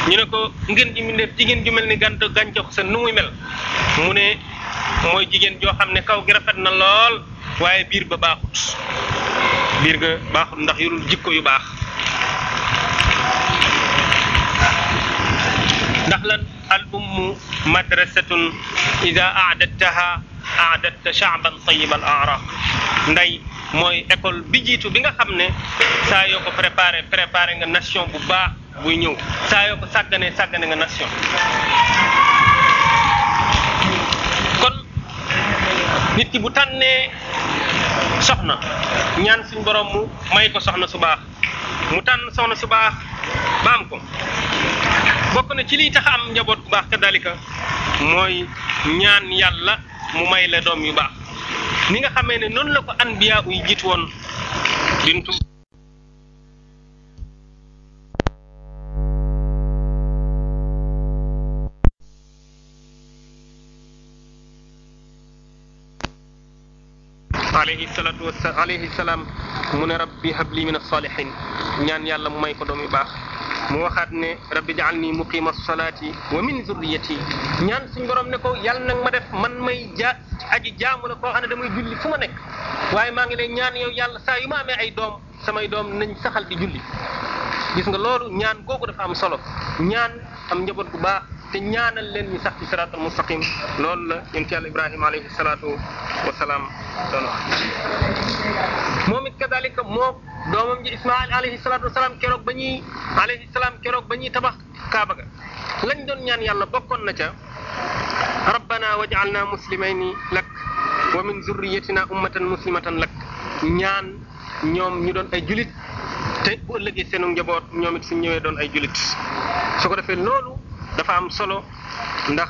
ñu ne ko ngeen ji mbindeef jigéen ju mel ni gàncaxu sën nu muy mel mu ne mooy jigéen joo xam ne kaw gi rafet na lool waaye biir ba baaxut biir ga baaxut ndax yorul jikko yu baax ndax la al ummu madrasatun ida aadattaha aadatta shaaban tayib al nday mooy école bi jiitu bi nga xam ne saa yoo ko préparé préparé nga nation bu baax buy ñëw saa yoo ko sàggane sàggane nga nation nit ki bu tànnee soxna ñaan suñ borom mu may ko soxna su baax mu tànn soxna su baax ba am ko bokk na ci liy tax am njaboot bu baax dalika mooy ñaan yàlla mu may la doom yu baax ni nga xame ne noonu la ko anbiya uy jiit woon bintu alayhi salatu wasa alayhi salaam mu ne rabbi habli min as-salihin ñaan yàlla mu may ko doom yu baax mu waxaat ne rabbi ja'alni muqima as-salati wa min zurriyati ñaan suñ borom ne ko yàlla nag ma def man may ja aji jaamu la koo xam ne damay julli fu ma nekk waaye maa ngi lay ñaan yow yàlla saa yu ma amee ay doom samay doom nañ saxal di julli gis nga loolu ñaan googu dafa am solo ñaan am njaboot bu baax te ñaanal leen ñu sax ci siraatal mustaqim loolu la yonent yàlla Ibrahima alayhi salaam moom it kadalika moo doomam ji Ismaayil alayhi salaatu wa keroog ba ñuy alayhi salaam keroog ba ñuy tabax Kaaba lañ doon ñaan yàlla bokkoon na ca rabbana waj'alna muslimayni lak wa min zurriyatina ummatan muslimatan lak ñaan ñoom ñu doon ay julit te bu ëllëgee seenu njaboot ñoom it suñ ñëwee doon ay julit su ko defee loolu dafa am solo ndax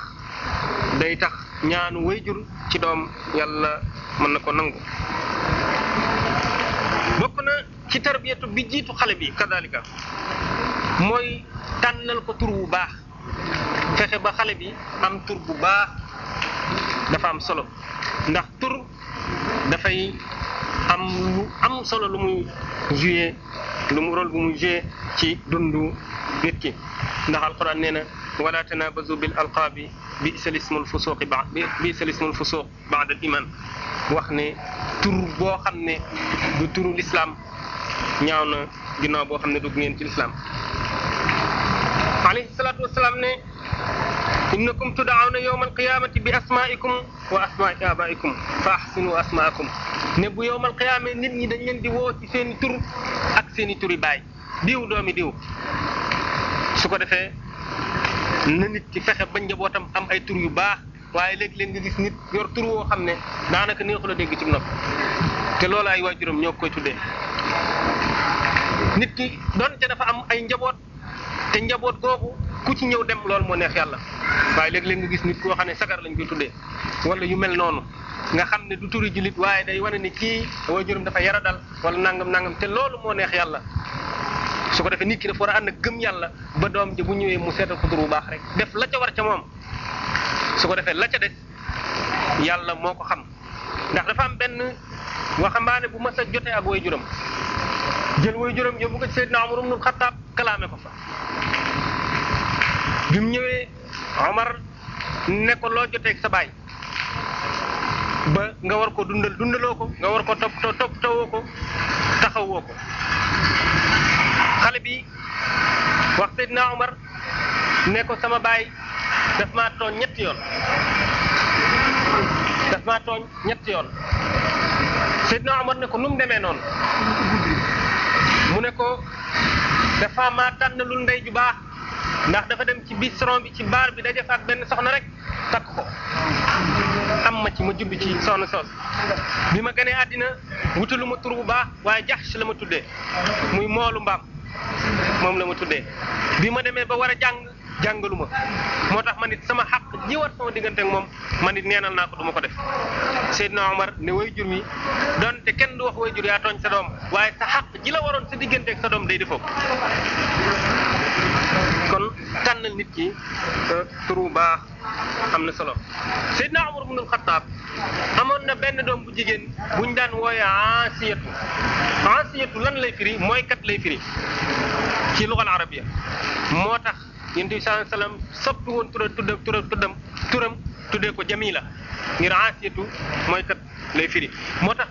day tax ñaanu wayjur ci doom yàlla mën na ko nangu bokk na ci tarbiyatu bi jiitu xale bi kadalika mooy tànnal ko tur bu baax fexe ba xale bi am tur bu baax dafa am solo ndax tur dafay am lu am solo lu mu joué lu mu rôle bu mu joué ci dundu nit ki ndax alquran nee na wala tanabazu bi alqaabi bi isal ismul fusuqi ba bi isal ismul fusuq ba al iman wax ne tur boo xam ne du turu lislaam ñaaw na ginnaaw boo xam ne dugg ngeen ci lislaam alayhi salaatu wasalaam ne innakum tud'awna yawmal qiyaamati bi asmaa'ikum wa asmaa'i aabaa'ikum fa ahsinu asmaakum ne bu yawmal qiyaamee nit ñi dañ leen di woo ci seen i tur ak seeni i turi baay diw doomi diw su ko defee na nit ci fexe ba njabootam am ay tur yu baax waaye léegi leen nga gis nit yor tur woo xam ne daanaka neexul a dégg ci nopp te loolu ay waajuram ñoo koy tuddee nit ki doon ca dafa am ay njaboot. te njaboot googu ku ci ñëw dem loolu moo neex yàlla waaye léeg-léeg nga gis nit koo xam ne sagar lañu koy tuddee wala yu mel noonu nga xam ne du turi jullit waaye day wane ni kii waajuram dafa yara dal wala nangam nangam te loolu moo neex yàlla su ko defee nit ki dafa war a ànd gëm yàlla ba doom ji bu ñëwee mu seetal ko tur bu baax rek def la ca war ca moom su ko defee la ca des yàlla moo ko xam ndax dafa am benn waxambaane bu ma a jote ak waajuram jël way juróom yóbbu ko ci Seydina Omar ibn Xattaab kalaame ko fa bi mu ñëwee Omar ne ko loo jotee ak sa baay ba nga war ko dundal dundaloo ko nga war ko topp topp tawoo ko taxawoo ko xale bi wax Seydina Omar ne ko sama baay daf maa tooñ ñetti yoon daf maa tooñ ñetti yoon naa Omar ne ko nu mu demee noonu ko dafa ma tànn lu ndey ju baax ndax dafa dem ci bistron bi ci baar bi daje fa ak benn soxna rek takk ko am ma ci ma jubbi ci soxna soos bi ma gënee àddina wutalu ma tur bu baax waaye jaxsh la ma tuddee muy moolu mbaam moom la ma tuddee bi ma demee ba war a jàng jàngaluma moo tax man it sama xaq ñi war sama diggante moom man it neenal naa ko du ma ko def Seydina Omar ne way jur mi donte kenn du wax way jur yaa tooñ sa doom waaye sa xaq ji la waroon sa diggante ak sa doom day defoo kon tànnal nit ki euh, turu baax am na solo Seydina Omar ibnul Xattaab amoon na benn doom bu jigéen buñ daan wooye ansiyatu ansiyatu lan lay firi mooy kat lay firi ci luxal arabiya tax yonent bi sallallahu alayhi wasallam soppi woon tura tudda tura tuddam turam tuddee ko jamila ngir aasiyatu mooy kat lay firi moo tax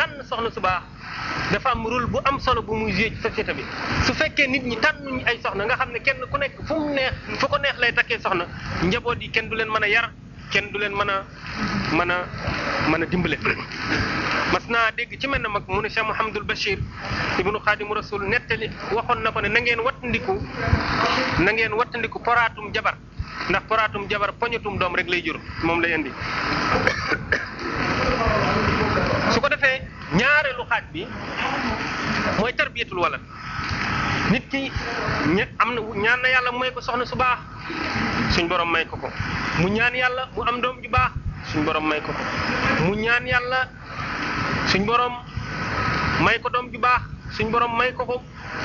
tànn soxna su baax dafa am rôle bu am solo bu muy joué ci société bi su fekkee nit ñi tànnuñu ay soxna nga xam ne kenn ku nekk fu mu neex fu ko neex lay takkee soxna njaboot yi kenn du leen mën a yar kenn du leen mën a mën a mën a dimbale mas naa dégg ci mel ne mag mu ne Cheikh Mouhamadul Bachir ibnu Xaadimu Rasul nettali waxoon na ko ne na ngeen wattandiku na ngeen wattandiku poraatum jabar ndax poraatum jabar poñatum doom rek lay jur moom la indi su ko defee ñaareelu xaaj bi mooy tarbiyatul walad nit ki ña am na ñaan na yàlla mu may ko soxna su baax suñ borom may ko ko mu ñaan yàlla mu am doom ju baax suñ borom may ko ko mu ñaan yàlla suñ borom may ko doom ju baax suñ borom may ko ko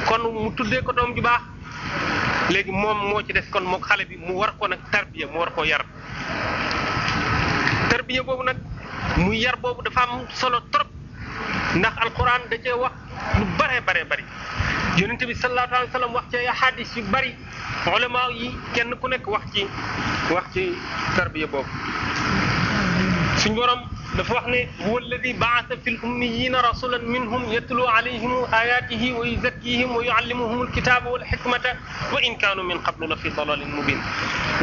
kon mu tuddee ko doom ju baax léegi moom moo ci des kon mook xale bi mu war ko nag tarbiya mu war koo yar tarbiya boobu nag muy yar boobu dafa am solo trop ndax alquran da cee wax lu bare bare bari yonente bi sallallahu alayhi wa sallam wax ci ay hadis yu bari ulama yi kenn ku nekk wax ci wax ci tarbiya boobu suñ borom dafa wax ne huwa alladi baasa fi lummiyina rasulan minhum yatlu alayhim ayatihi wa yuzakkihim wa yuallimuhum alkitaba wal xikmata wa in kaanu min qablu la fi dalalin mubin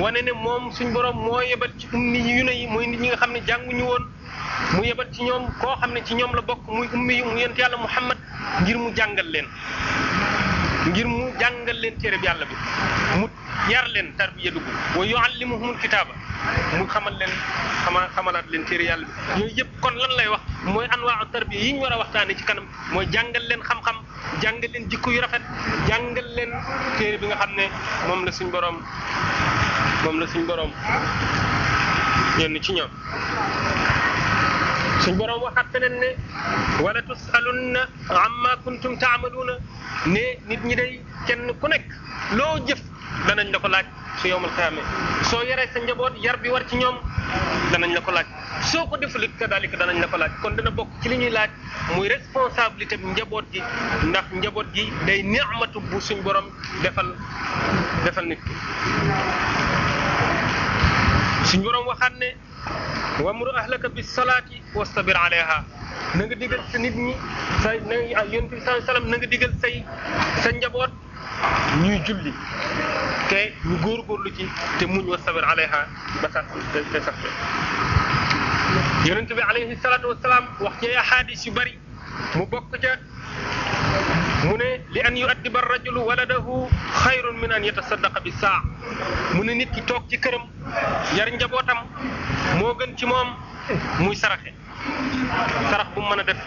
wane ne moom suñ borom moo yebal ci ummi yu ne yi mooy nit ñi nga xam ne jànguñu woon mu yebal ci ñoom koo xam ne ci ñoom la bokk muy ummi yu mu yent yàlla muhammad ngir mu jàngal leen ngir mu jàngal leen téereb yàlla bi mu yar leen tarbiya dugg wa yuallimuhumul kitaaba mu xamal leen xama xamalaat leen téere yàlla bi yooyu yëpp kon lan lay wax mooy anwaa tarbiya yi ñu war a waxtaane ci kanam mooy jàngal leen xam-xam jàngal leen jikko yu rafet jàngal leen téere bi nga xam ne moom la suñ boroom moom la suñ boroom yónni ci ñoom suñ borom waxaat feneen ne wala tusalunna amma kuntum taamaluuna ne nit ñi day kenn ku nekk loo jëf danañ la ko laaj su yowmal xiyaame soo yaree sa njaboot yar bi war ci ñoom danañ la ko laaj soo ko defulit kadalika danañ la ko laaj kon dana bokk ci li ñuy laaj muy responsabilité bi njaboot gi ndax njaboot gi day ni'matu bu suñ borom defal defal nit suñ borom waxaat ne wamru ahlaka bis salaati wastabir alayha na nga digal sa nit ñi na bi nga digal say sa njaboot ñuy julli te ñu góorgóorlu ci te muñ wastabir alayha ba sax te sax yonent bi alayhi salaatu wasalaam wax ci ay ahadis yu bari mu bokk mu ne li an yuaddiba rajulu waladahu xayrun min an yatasaddaqa bi saa mu ne nit ki toog ci këram yar njabootam moo gën ci moom muy saraxe sarax bu mu mën a def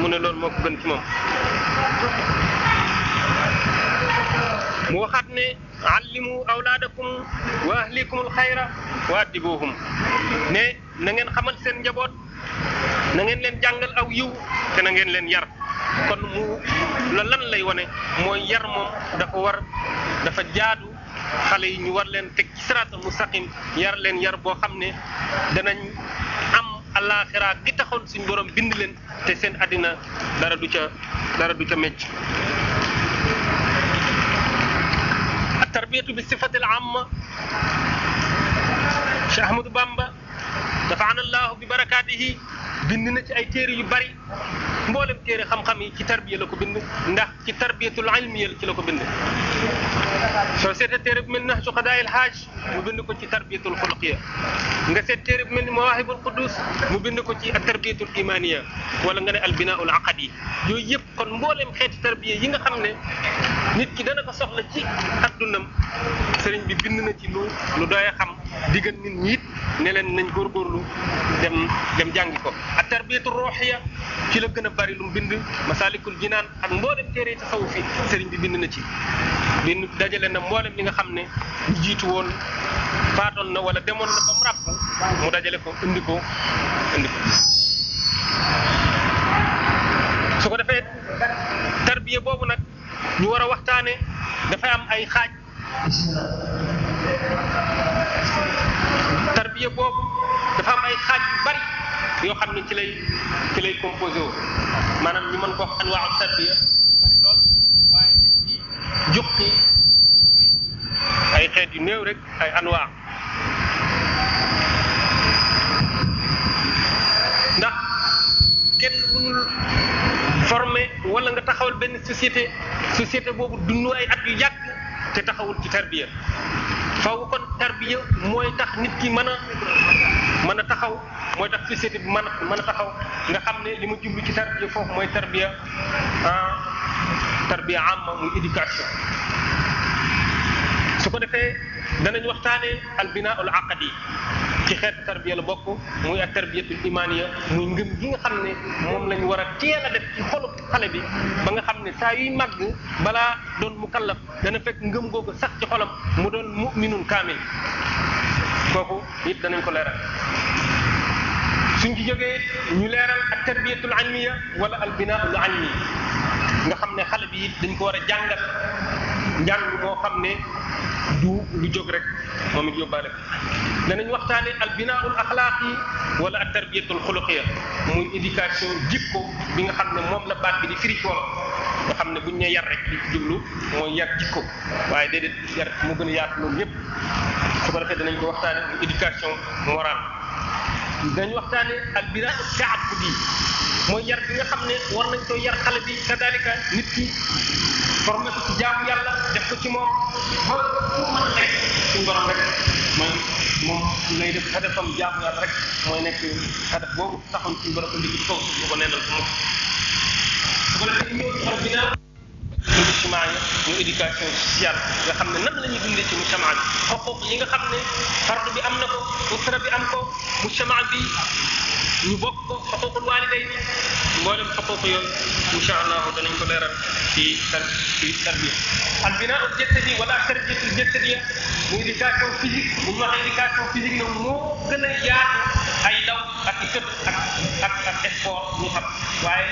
mu ne loolu moo ko gën ci moom mu waxaat ne allimu awlaadakum wa ahlikumul xayra wa addibuhum ne na ngeen xamal seen njaboot na ngeen leen jàngal aw yiw te na ngeen leen yar kon mu la lan lay wane mooy yar moom dafa war dafa jaadu xale yi ñu war leen teg ci siraatal mustaqim yar leen yar boo xam ne danañ am alaaxira gi taxoon suñ boroom bind leen te seen àddina dara du ca dara du ca mecc التربية بالصفة العامة Cheikh Ahmadou Bamba dafa'ana Allahu bi barakaatihi bind na ci ay téere yu bari mboolem téere xam-xam yi ci tarbiya la ko bind ndax ci tarbiyatul ilmiya ci la ko bind soo seetee téere bu mel ni Nahju Qadaa'il Haaj mu bind ko ci tarbiyatul xuluqiya nga seet téere bu mel ni Mawaahibul Quddus mu bind ko ci tarbiyatul imaaniya wala nga ne albinaa'ul aqadi yooyu yëpp kon mboolem xeeti tarbiya yi nga xam ne nit ki dana ko soxla ci addunam sëriñ bi bind na ci lu lu doy xam diggan nit ñi it ne leen nañ góorgóorlu dem dem jàngi ko ak tarbiyatu ruuxiya ci la gën a bari lu mu bind masaalikul jinaan ak mboolem téere tasawuf fi sëriñ bi bind na ci bind dajale na mboolem li nga xam ne ñu jiitu woon faatoon na wala demoon na ba mu ràpp mu dajale ko indi ko indi ko su ko defee tarbiya boobu nag ñu war a waxtaane dafay am ay xaaj tarbiya boobu dafa am ay xaaj yu bari yoo xam ne ci lay ci maanaam ñu mën ko wax anwaaru tarbiya bari ay xeet yu néew rek ay anwaa ndax kenn mënul wala nga taxawal benn société société boobu dund ay at yu yàgg te taxawul ci tarbiya faaw kon tarbiya mooy tax nit ki mën a mën a taxaw mooy tax société bi man a mën a taxaw nga xam ne li ma jublu ci tarbiya foofu mooy tarbiya ah tarbiya amma muy éducation su ko defee. danañ waxtaanee al binaaul aqadi ci xeet tarbiya la bokk muy ak tarbiyatul imaaniya muy ngëm gi nga xam ne moom lañu war a teel a def ci xolu xale bi ba nga xam ne saa yuy màgg balaa doon mukallaf dana fekk ngëm googu sax ci xolam mu doon mu'minun kaamil kooku it danañ ko leeral suñ ci jógee ñu leeral ak tarbiyatul almiya wala al binaaul almi nga xam ne xale bi it dañ ko war a jàngat njàng moo xam ne du lu jóg rek moom it yóbbaale danañ waxtaane al binaaul axlaaqi wala ak tarbiyatul xuluqiya muy éducation jikko bi nga xam ne moom la baat bi ni firi wala nga xam ne buñ ne yar rek li jublu mooy yar jikko waaye déedéet yar moo gën a yaatu loolu yépp su defee danañ ko waxtaane muy éducation morale dañ waxtaane ak bina taab bi mooy yar bi nga xam ne war nañ ko yar xale bi kadalika nit ki formé ko ci jaamu yàlla def ko ci moom ba mu mën a nekk suñu borom rek mooy moom lay def hadafam jaamu yàlla rek mooy nekk hadaf boobu taxoon suñu borom ko ndigi kaw suuf ko neenal ko moom su ko defee ci xar mu ijtimaaya muy éducation sociale nga xam ne nan la ñuy dundee ci mujtamaa bi xoqooq yi nga xam ne fard bi am na ko usra bi am ko mujtamaa bi ñu bokk ko xoqooqul waaliday bi mboolem xoqooq yooyu incha allah danañ ko leeral ci tar ci tarbiya al binaa al jasadi wala tarbiyatu al jasadiya muy éducation physique bu ñu waxee éducation physique nag moo gën a yaatu ay daw ak i tëb ak ak ak sport ñu xam waaye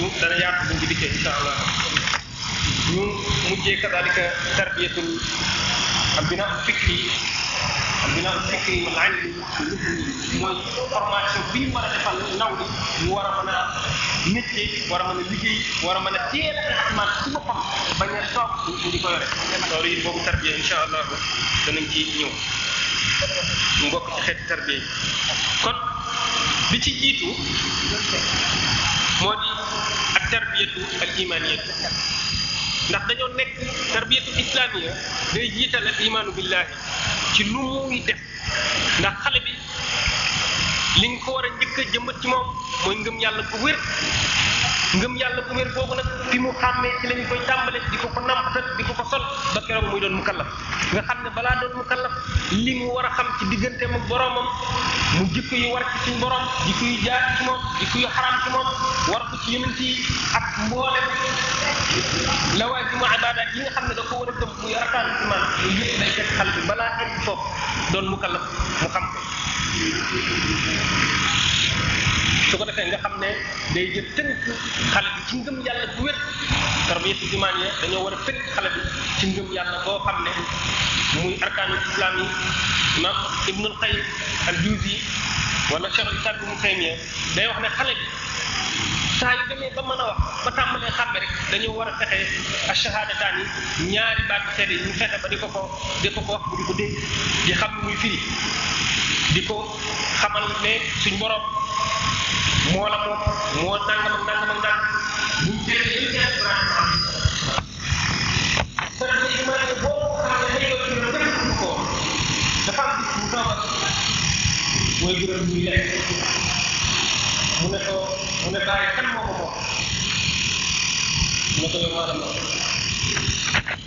ñu dana yaatu bu ñu dikkee incha allah ñu mujjee kadalika tarbiyatul al binaa fikri al binaa fikri wal ilmi mooy formation bi ñu war a defal ndaw li ñu war a mën a métier war a mën a liggéey boobu tarbiya insha allah danañ ci mu bokk ci xeeti tarbiya yi kon al imaniyatu ndax dañoo nekk tarbiyatu islamiya day jiital al imaanu billahi ci lu muy def ndax xale bi li nga ko war a njëkk a jëmbat ci moom mooy ngëm yàlla bu wér ngëm yàlla bu wér boobu nag fi mu xàmmee ci lañ koy tàmbale di ko ko nampatal di ko ko sol ba keroog muy doon mukallaf nga xam ne balaa doon mukallaf li mu war a xam ci diggante mu boromam mu jikko yu war ci suñ borom jikko yu jaar ci moom jikko yu xaram ci moom war ko ci yonent yi ak mboolem lawaazimu ibaadaat yi nga xam ne da ko war a gëm muy rataan ci man yooyu yëpp day teg xal bi balaa egg foofu doon mu kallaf mu xam su ko defee nga xam ne day jël tënk xale bi ci ngëm yàlla bu wér tarbiyatu imaan ya dañoo war a tënk xale bi ci ngëm yàlla boo xam ne muy arkaanul islaam yi imam ibnul qayyim al juzi wala cheikh al islam bi mu xëy day wax ne xale bi saa yu demee ba mën a wax ba tàmbalee xàmme rek dañoo war a fexe ak shahadataan yi ñaari baat seede ñu fexe ba di ko ko ko ko wax bu di dégg di xam lu muy firi di ko xamal ne suñ borom moo la moom moo nangam ak bu ñu jëlee ne boo ko xamee dañoo ne ko. mu ne bàyyi kan moo ko moom mu ne ko yow maa la moom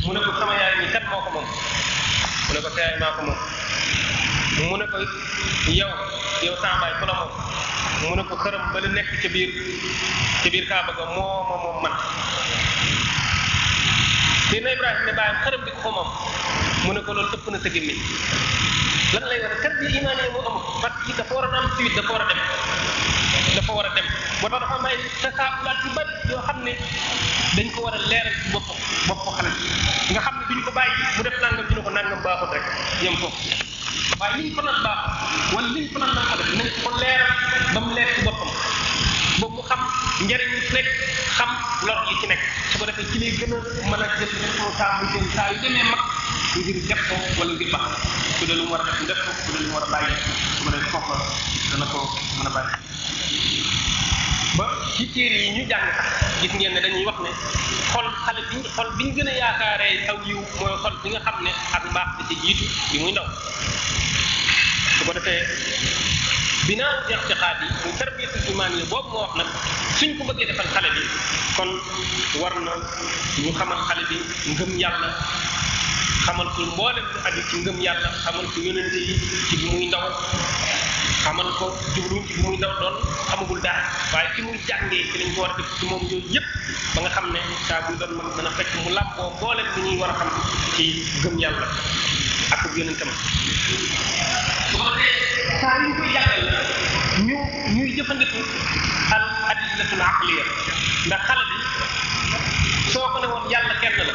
mu ne ko sama yaay mi kat moo ko moom mu ne ko sa yaay maa ko moom mu ne ko yow yow sambaay ku la moom mu ne ko xërëm ba li nekk ci biir ci biir kaaba ga moo ma moom man dina Ibrahima ne bàyyam xërëm bi ko moom mu ne ko loolu ëpp na sa gémmiñ lan lay wax kat bi imaan yi moo amul parce dafa war a am suite dafa war a dem dafa war a dem moo tax dafa am ay tasaabulaat yu bari xam ne dañ ko war a leeral ci bopp bopp xale nga ne duñ ko bàyyi mu def nangam ñu ne ko nangam baaxut rek yem foofu waaye liñ ko naan baaxut wala liñ ko naan naan xale ko leeral ba mu leer ci boppam boobu mu xam njariñ yi ci nekk xam lor yi ci nekk su ko defee ci lay gën a mën a jël responsabilité saa yu demee mag ñu def ko wala a def ñu def ko su dee lu mu war a ma nee ba ci téere yi ñu jàng sax gis ngeen ne dañuy wax ne xol xale bi xol bi ñu gën a yaakaaree aw yiw mooy xol bi nga xam ne ak mbaax da ci jiitu bi muy ndaw su ko defee binaa irtiqaat yi muy tarbiyatul imaaniya boobu moo wax nag suñ ko bëggee defal xale bi kon war na ñu xamal xale bi ngëm yàlla xamal ko mboolem lu aju ci ngëm yàlla xamal ko yonente yi ci bi muy ndaw xamal ko jublu ci bi muy ndaw doon xamagul daal waaye ci muy jàngee ci lañ ko war ci moom yooyu yépp ba nga xam ne saa buy doon mag dana fekk mu làppoo a ci gëm yàlla ak yonentam su ko defee saa ñu koy jàngal ñu ñuy jëfandiku al adillatul aqliya ndax xale bi soo ko ne woon yàlla kenn la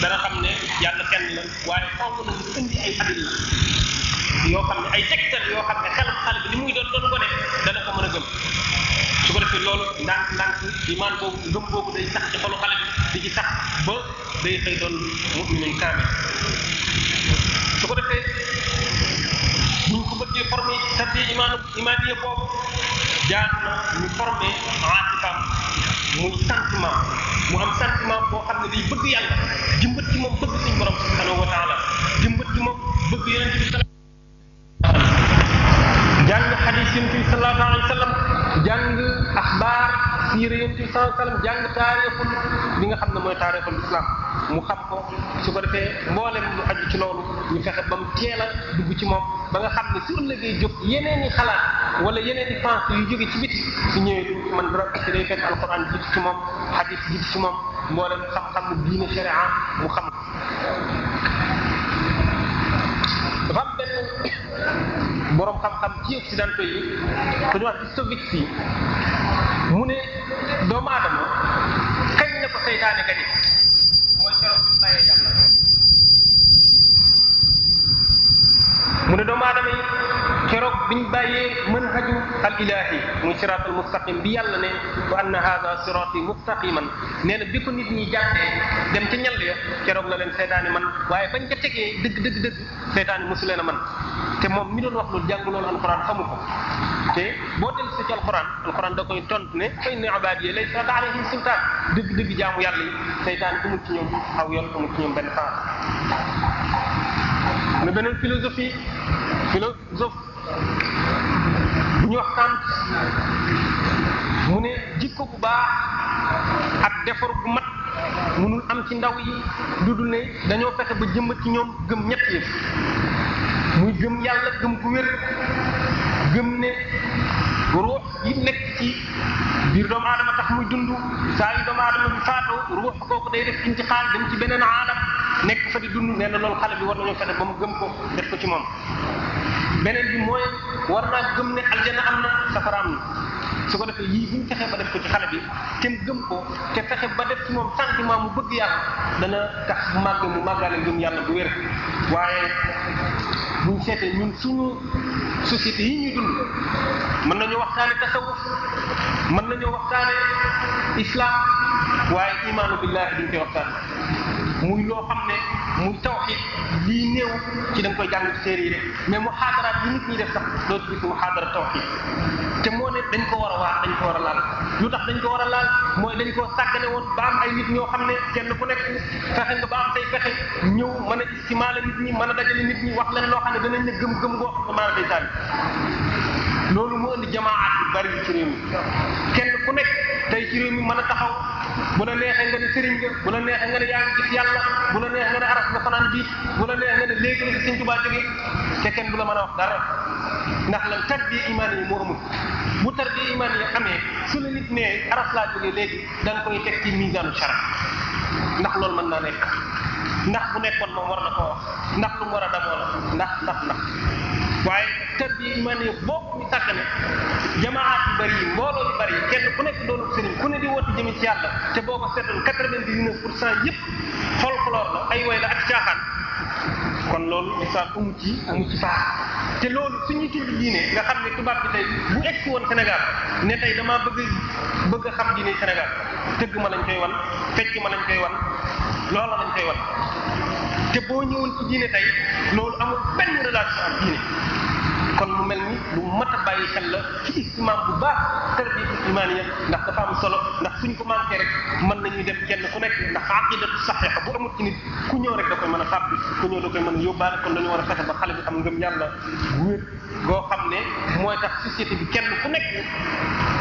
dana xam ne yàlla kenn la waaye faw na mu indi ay yoo xam ne ay tegtal yoo xam ne xelam xale bi li muy doon doon gone dana ko mën a gëm su ko defee loolu ndànk ndànk imaan boobu ngëm boobu day sax ci xolu xale bi di ci sax ba day xëy doon muminin kaamil su ko defee buñ ko bëggee formé tardé imaan imaan yee boobu jaar na ñu formé atifaam muy sentiment mu am sentiment boo xam ne day bëgg yàlla jëmbat ci moom bëgg suñu borom subhanahu wa taala jëmbat ci moom bëgg yeneen ci bi jàng xadis yonent bi sallallahu alayhi wa sallam jàng axbaar siira yonent bi sallallahu alayhi wasallam jàng taarixul li nga xam ne mooy taarixul islam mu xam ko su ko defee mboolem lu aju ci loolu fexe ba mu teel a dugg ci moom ba nga xam ne su ëllëgee jóg yeneen i xalaat wala yeneen i pensées yu jóge ci biti su ñëwee du mën dara parce que day fekk alxuraan jiitu ci moom hadis jiitu ci moom mboolem xam-xam diine sharia mu xam dafa am benn borom xam-xam ci occidentaux yi ku ñu wax soviet yi mu ne doomu aadama kañ na ko seytaane gañe mooy mu bàyyee ne doomu aadama keroog biñ bàyyee mën haju al ilahi muy siraatul mustaqim bi yàlla ne wa anna hada siraati mustaqiman nee na bi ko nit ñi jàppee dem ca ñal ya keroog la leen seytaane man waaye bañ ca tegee dëgg dëgg dëgg seytaane mosu leen man te moom mi doon wax loolu jàng loolu alquran xamu ko te boo dellu si ci alquran alquran da koy tont ne fa inna ibadiya laysa alayhim sultaan dëgg dëgg jaamu yàlla yi seytaan amul ci ñoom aw yoon amul ci ñoom benn mu ne jikko bu baax ak defar bu mat mënul am ci ndaw yi dudul ne dañoo fexe ba jëmbat ci ñoom gëm ñett yëpp muy gëm yàlla gëm ku wér gëm ne ruux yi nekk ci biir doomu aadama tax muy dund saa yu doomu aadama bi faatoo ruux kooku day def intixaal dem ci beneen aalam nekk fa di dund ne na loolu xale bi war nañoo fexe ba mu gëm ko def ko ci moom. beneen bi mooy war naa gëm ne aljana am na safara am na su ko defee yii bu ñu fexe ba def ko ci xale bi te gëm ko te fexe ba def ci moom sentiment mu bëgg yàlla dana tax màgg mu màggaale gëm yàlla bu wér waaye. bu ñu seetee ñun suñu société yi ñuy dund mën nañu waxtaane tasawuf mën nañu waxtaane islam waaye imaanu billahi duñ koy muy loo xam ne muy tawxid lii néew ci dañ koy jàng ci téere yi rek mais muhaadaraat yi nit ñi def sax dootu gis muhaadara tawxid te moo ne dañ ko war a waar dañ ko war a laal lu tax dañ ko war a laal mooy dañ koo sàggane woon ba am ay nit ñoo xam ne kenn ku nekk fexe nga ba am say fexe ñëw mën a istimaale nit ñi mën a dajale nit ñi wax leen loo xam ne danañ ne gëm-gëm goo xam ne maanaam day loolu moo indi jamaat bu bari ci réew mi kenn ku nekk tey ci réew mi mën a taxaw bu la neexee nga ne sëriñ nga bu la neexee nga ne bu la neexee nga ne araf nga fanaan bi bu la neexee léegi la ci sëñ Tuubaa jógee te kenn du la mën a wax dara ndax lan tarbiya imaan yi moo amul bu tarbiya imaan yi amee su la nit ne araf laa jógee léegi da nga koy teg ci misaanu chara ndax loolu mën naa nekk ndax bu nekkoon moom war na koo wax ndax lu mu war a damoo la ndax ndax ndax waaye kër gi ma ne boobu ñu sàggane jamaat yu bëri yi mbooloo yu bëri yi kenn ku nekk doonu sëriñ ku ne di woote jëmi ci yàlla te booba seetoon quatre-vingt-dix-neuf pour cent yëpp folklore la ay kon loolu islam amu ci amu ci baax te loolu suñu tudd diine nga xam ne tubaab bu egg woon Sénégal ne tey damaa bëgg bëgg a xam diine Sénégal tëgg ma lañ koy wan fecc ma lañ koy wan loola lañ koy wan te boo ñëwoon ci diine tey loolu amul benn relation ak diine kon mu mel ni lu mat a bàyyi xel la ci istimaam bu baax tarbiya imaaniya ndax dafa am solo ndax suñ ko manqué rek mën nañu dem kenn ku nekk ndax aqidatu saxiixa bu amul ci ku ñëw rek da koy mën a fàbbi ku ñëw da koy mën a kon dañu war a fexe ba xale bi am ngëm goo xam ne mooy tax société bi kenn ku nekk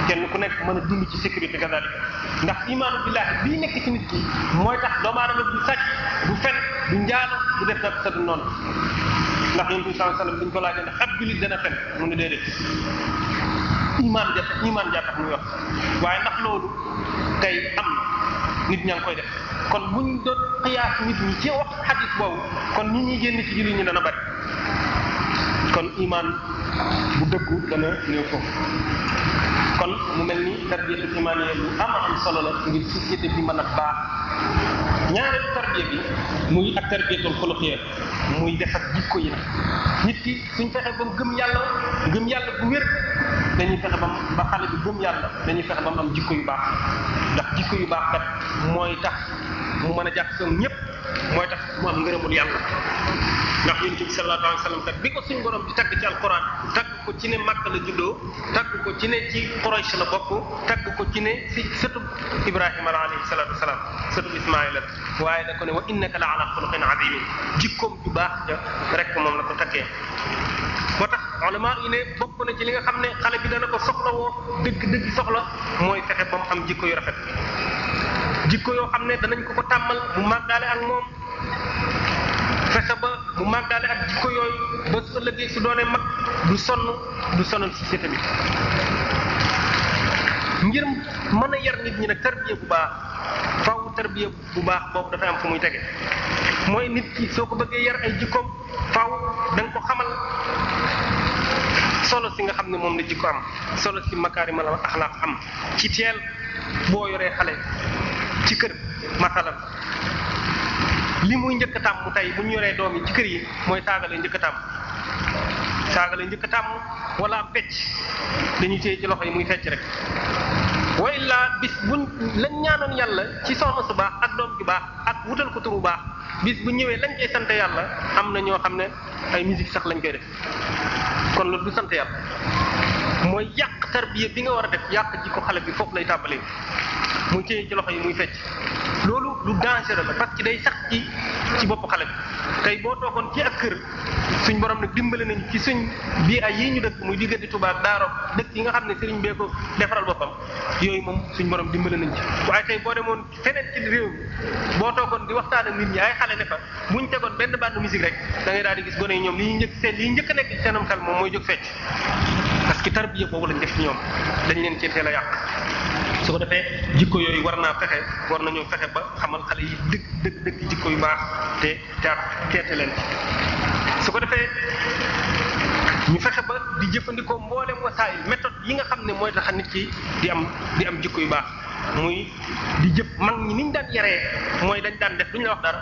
kenn ku nekk mën a dund ci sécurité kazalika ndax imaanu billahi bii nekk ci nit ki mooy tax doomu aadama du sàcc du fen du njaalo du def nag sa du noonu ndax yonent bi sallallahu alayhi wasallam dañ ko laajee ne xab jullit dana fen mu ne déedéet imaan ja imaan ja tax muy wax waaye ndax loolu tey am nit ñaa ngi koy def kon bu ñu doon xiyaas nit ñi ci wax xadis boobu kon ñu ñuy génn ci jullit ñi dana bari kon imaan bu dëggu dana néew foofu kon mu mel ni tarbiyatu imaan yi lu am solo la ngir société bi mën a baax ñaareel tarbiya bi muy ak tarbiyatul xuluqiyya muy defar jikko yi nag nit ki suñ fexe ba gëm yàlla gëm yàlla bu wér dañuy fexe ba ba xale bi gëm yàlla dañuy fexe ba mu am jikko yu baax ndax jikko yu baax kat mooy tax mu mën a jàpp soom ñépp mooy tax mu am ngërëmul yàlla ndax yonent bi sallallahu alayhi wa sallam kat ko suñ borom di tagg ci alquran tagg ko ci ne màkk la juddoo tagg ko ci ne ci Quraysh la bokk tagg ko ci ne si sëtub Ibrahima la alayhi salatu wasalaam sëtub Ismaïl la waaye da ko ne wa innaka la ala xuluqin azimin jikkoom ju rek moom la ko taggee tax ulama yi ne bokk na ci li nga xam ne xale bi dana ko soxla woo dëgg dëgg soxla mooy fexe ba mu am jikko yu rafet jikko yoo xam ne danañ ko ko tàmmal mu màggaale ak moom fexe ba mu màggaale ak jikko yooyu ba su ëllëgee su doonee mag du sonn du sonal société bi ngir mën a yar nit ñi nag tarbiya bu baax faaw tarbiya bu baax boobu dafay am fu muy tege mooy nit ki soo ko bëggee yar ay jikkoom faaw da ko xamal solo si nga xam ne moom la jikko am solo si makaarima la axlaaq am ci teel boo yoree xale ci kër masalan li muy njëkk a tàmm tey bu ñu yoree doom yi ci kër yi mooy saagale njëkk a tàmm saagale njëkk a tàmm wala fecc dañuy téye ci loxo yi muy fecc rek wa illaa bis bu lañ ñaanoon yàlla ci soxna su baax ak doom ju baax ak wutal ko turu baax bis bu ñëwee lañ cay sant yàlla am na ñoo xam ne ay musique sax lañ koy def kon loolu sant yàlla mooy yàq tarbiya bi nga war a def yàq ji ko xale bi foofu lay tàmbalee mu téye ci loxo yi muy fecc loolu lu dangereux la parce que day sax ci ci bopp xale bi tey boo toogoon ci ak kër suñ borom nag dimbale nañu ci suñ bii ay yii ñu dëkk muy diggante tubaab daaro dëkk yi nga xam ne sëriñ bee ko defaral boppam yooyu moom suñ borom dimbale nañ ci waaye tey boo demoon feneen ci réew boo toogoon di waxtaan ak nit ñi ay xale ne fa buñ tegoon benn bàndu musique rek da ngay daal di gis gone yi ñoom li ñu njëkk seen li njëkk nekk ci seenam xel moom mooy jóg fecc parce que tarbiya boobu lañ def ñoom dañ leen cee teel a yàq su ko defee jikko yooyu war naa fexe war nañoo fexe ba xamal xale yi dëgg dëgg dëgg jikko yu baax te te teete leen su ko defee ñu fexe ba di jëfandikoo mboolem wasaay méthode yi nga xam ne mooy tax nit ki di am di am jikko yu baax. muy di jëpp mag ñi niñ daan yaree mooy dañ daan def duñ la wax dara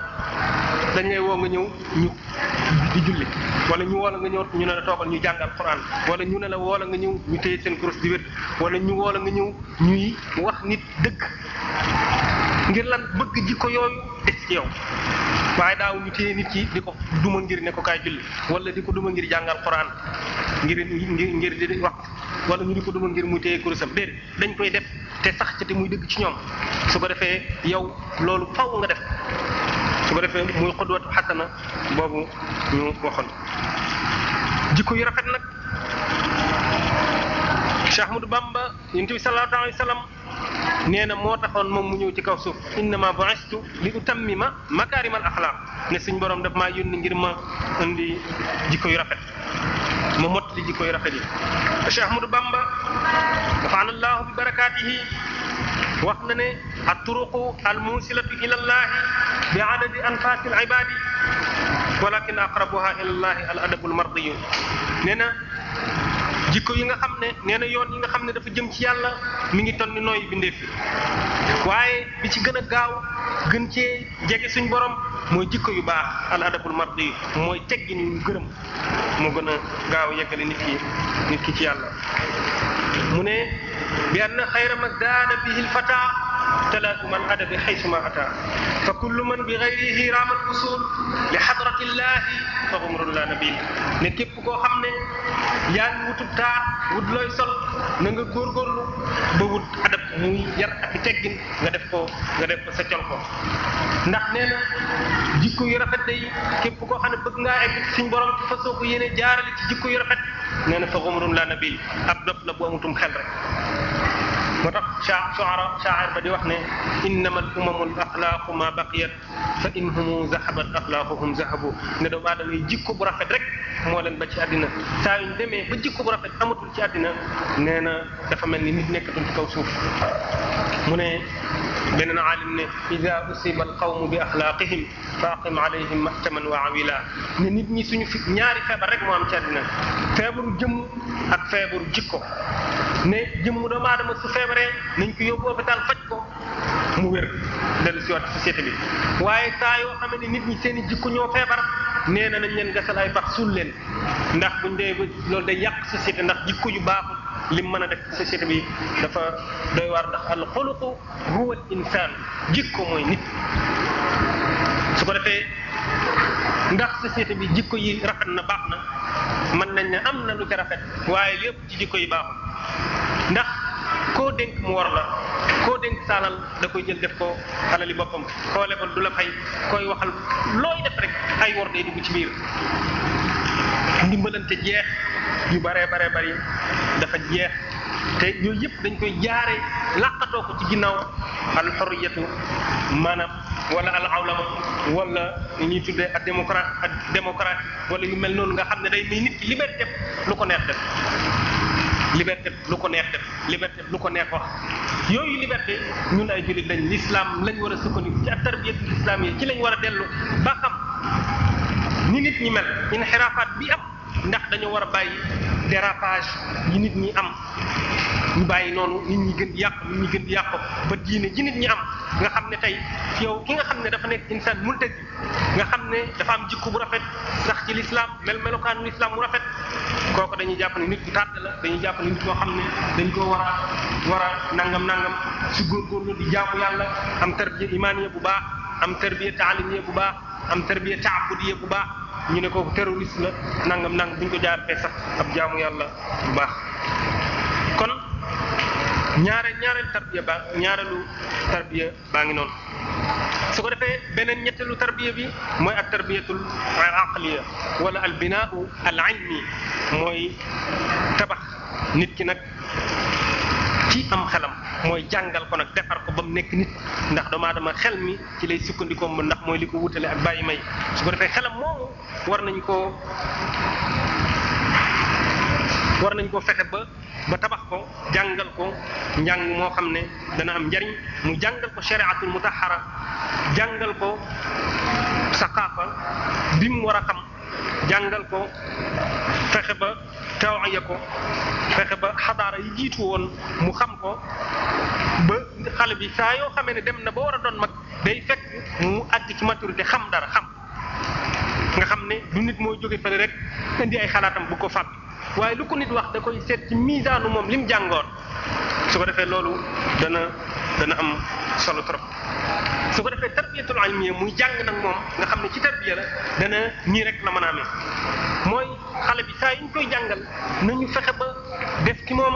dañ lay woo nga ñëw ñu di julli wala ñu woo la nga ñëw ñu ne la toogal ñu jàngal Alxuraan wala ñu ne la woo la nga ñëw ñu téye seen kurus di wér wala ñu woo la nga ñëw ñuy wax nit dëgg ngir lan bëgg jikko yooyu des ci yow waaye daaw ñu téye nit ki di ko duma ngir ne ko kaay julli wala di ko duma ngir jàngal Qur'an ngir ngir ngir di wax wala ñu di ko duma ngir mu téye kurusam déedéet dañ koy def te sax ca te muy dëgg ci ñoom su ko defee yow loolu faw nga def su ko defee muy xudwatu xasana boobu ñu waxoon jikko yu rafet nag Cheikh Ahmadou Bamba yonent bi sallallahu alayhi wa sallam nee na moo taxoon moom mu ñëw ci kaw suuf innama bu'istu li utammima makaarimal axlaaq ne suñ borom daf maa yónni ngir ma indi jikko yu rafet ma mottali jikko yu rafet yi. Cheikh Ahmadou Bamba nafa'ana Allahu bi barakaatihi wax na ne at-turuqu al-muusilatu ila Allahi bi adadi anfaasil ibaadi walakin aqrabuha ila Allahi al-adabu al-mardiyu nee na jikko yi nga xam ne nee na yoon yi nga xam ne dafa jëm ci yàlla mi ngi toll ni nooy bindee fi waaye bi ci gën a gaaw gën ci jege suñ boroom mooy jikko yu baax al adabul mardi mooy teggin yu gërëm moo gën a gaaw yeggale nit ki nit ki ci yàlla mu ne bi ann xayra ma daana bihi l fata talaatu man adabi xaysuma ata fa kullu man bi gayrihi raamal usul li xadratillaahi fa umrun la nabil ne képp koo xam ne yaa ngi wutub taar wut looy sol nga góorgóorlu ba wut adab muy yar ak teggin nga def ko nga def ko sa col ndax nee na jikko yu rafet day képp koo xam ne bëgg ngaa egg ci suñ borom fa soo ko yéene jaarale ci jikko yu rafet nee na fa umrun la nabil ab dop la bu amutum xel rek shuara shaar ba di wax ne innama al umamu al axlaaqu ma baqiyat fa in humu zahabat axlaaquhum zahabu ne doomu aadama yi jikko bu rafet rek moo leen ba ci àddina saa yuñ demee ba jikko bu rafet amatul ci àddina nee na dafa mel ni nit nekkatul ci kaw suuf mu ne beneen aalim ne ida usiba alqawmu bi axlaaqihim fa aqim alayhim mahtaman wa awila ne nit ñi suñu fi ñaari feebar rek moo am ci àddina feebaru jëmm ak feebaru jikko ne jëmm doomu aadama su feebaree nañ ko yóbbu hôpital faj ko mu wér dellu siwaat société bi waaye saa yoo xam ne nit ñi seen i jikko ñoo feebar nee na nañ leen gasal ay pax suul leen ndax buñ dee loolu day yàq société ndax jikko yu baaxul lim mën a def société bi dafa doy waar ndax al xuluqu huwa al insaan jikko mooy nit su ko defee ndax société bi jikko yi rafet na baax na mën nañ ne am na lu ca rafet waaye lépp ci jikko yi baaxul ndax koo dénk mu war la koo dénk saalal da koy jël def ko alali boppam koo lebal du la fay koy waxal looy def rek ay wor day dugg ci biir ndimbalante jeex yu baree baree bari dafa jeex te yooyu yëpp dañ koy jaare làqatoo ko ci ginnaaw al xoriyatu maanaam wala al awlama wala li ñuy tuddee ak démocrate ak démocrate wala yu mel noonu nga xam ne day may nit ki liberté lu ko neex def liberté lu ko neex def liberté lu ko neex wax yooyu liberté ñun ay jullit lañ l'islam lañ war a sukkandiku ci ak tarbiyatu l'islam yi ci lañ war a dellu ba xam ni nit ñi mel inxiraafaat bi am ndax dañoo war a bàyyi dérapage yi nit ñi am ñu bàyyi noonu nit ñi gën di yàq nit ñi gën di yàq ba nit ñi am nga xam ne tey yow ki nga xam ne dafa nekk insaan multad nga xam ne dafa am jikko bu rafet sax ci lislaam mel melokaanu lislaam mu rafet kooku dañuy jàpp ne nit ku tàdd dañuy jàpp nit koo xam ne dañ koo war a war a nangam nangam si góorgóorlu di jaamu yàlla am tarbiya imaaniya bu baax am tarbiya taalimiya bu baax am tarbiya taabudiya bu baax ñu ne kooku terroriste la nangam nang buñ ko jaar fee sax ab jaamu yàlla bu baax kon ñaare ñaareel tarbiya baa ñaareelu tarbiya baa ngi noonu su ko defee beneen ñetteelu tarbiya bi mooy ak tarbiyatul aqliya wala al binaau al ilmi mooy tabax nit ki nag ci am xelam mooy jàngal ko nag defar ko ba mu nekk nit ndax doomu aadama xel mi ci lay sukkandikoo mu ndax mooy li ko wutale ak bàyyi may su ko defee xelam moomu war nañ koo war nañ ko fexe ba ba tabax ko jàngal ko njàng moo xam ne dana am njariñ mu jàngal ko shari'atul mutahara jàngal ko saqaafa bi mu war a xam jàngal ko fexe ba tawaya ko fexe ba xadaara yi jiitu woon mu xam ko ba xale bi saa yoo xamee ne dem na ba war a doon mag day fekk mu àgg ci maturité xam dara xam nga xam ne du nit mooy jóge fële rek indi ay xalaatam bu ko fàtt waaye lu ko nit wax da koy seet ci misaanu moom li mu jàngoon su ko defee loolu dana dana am solo trop su ko defee tarbiyatul ilmiya muy jàng nag moom nga xam ne ci tarbiya la dana nii rek la mën a amee mooy xale bi saa yu ñu koy jàngal nañu fexe ba def ci moom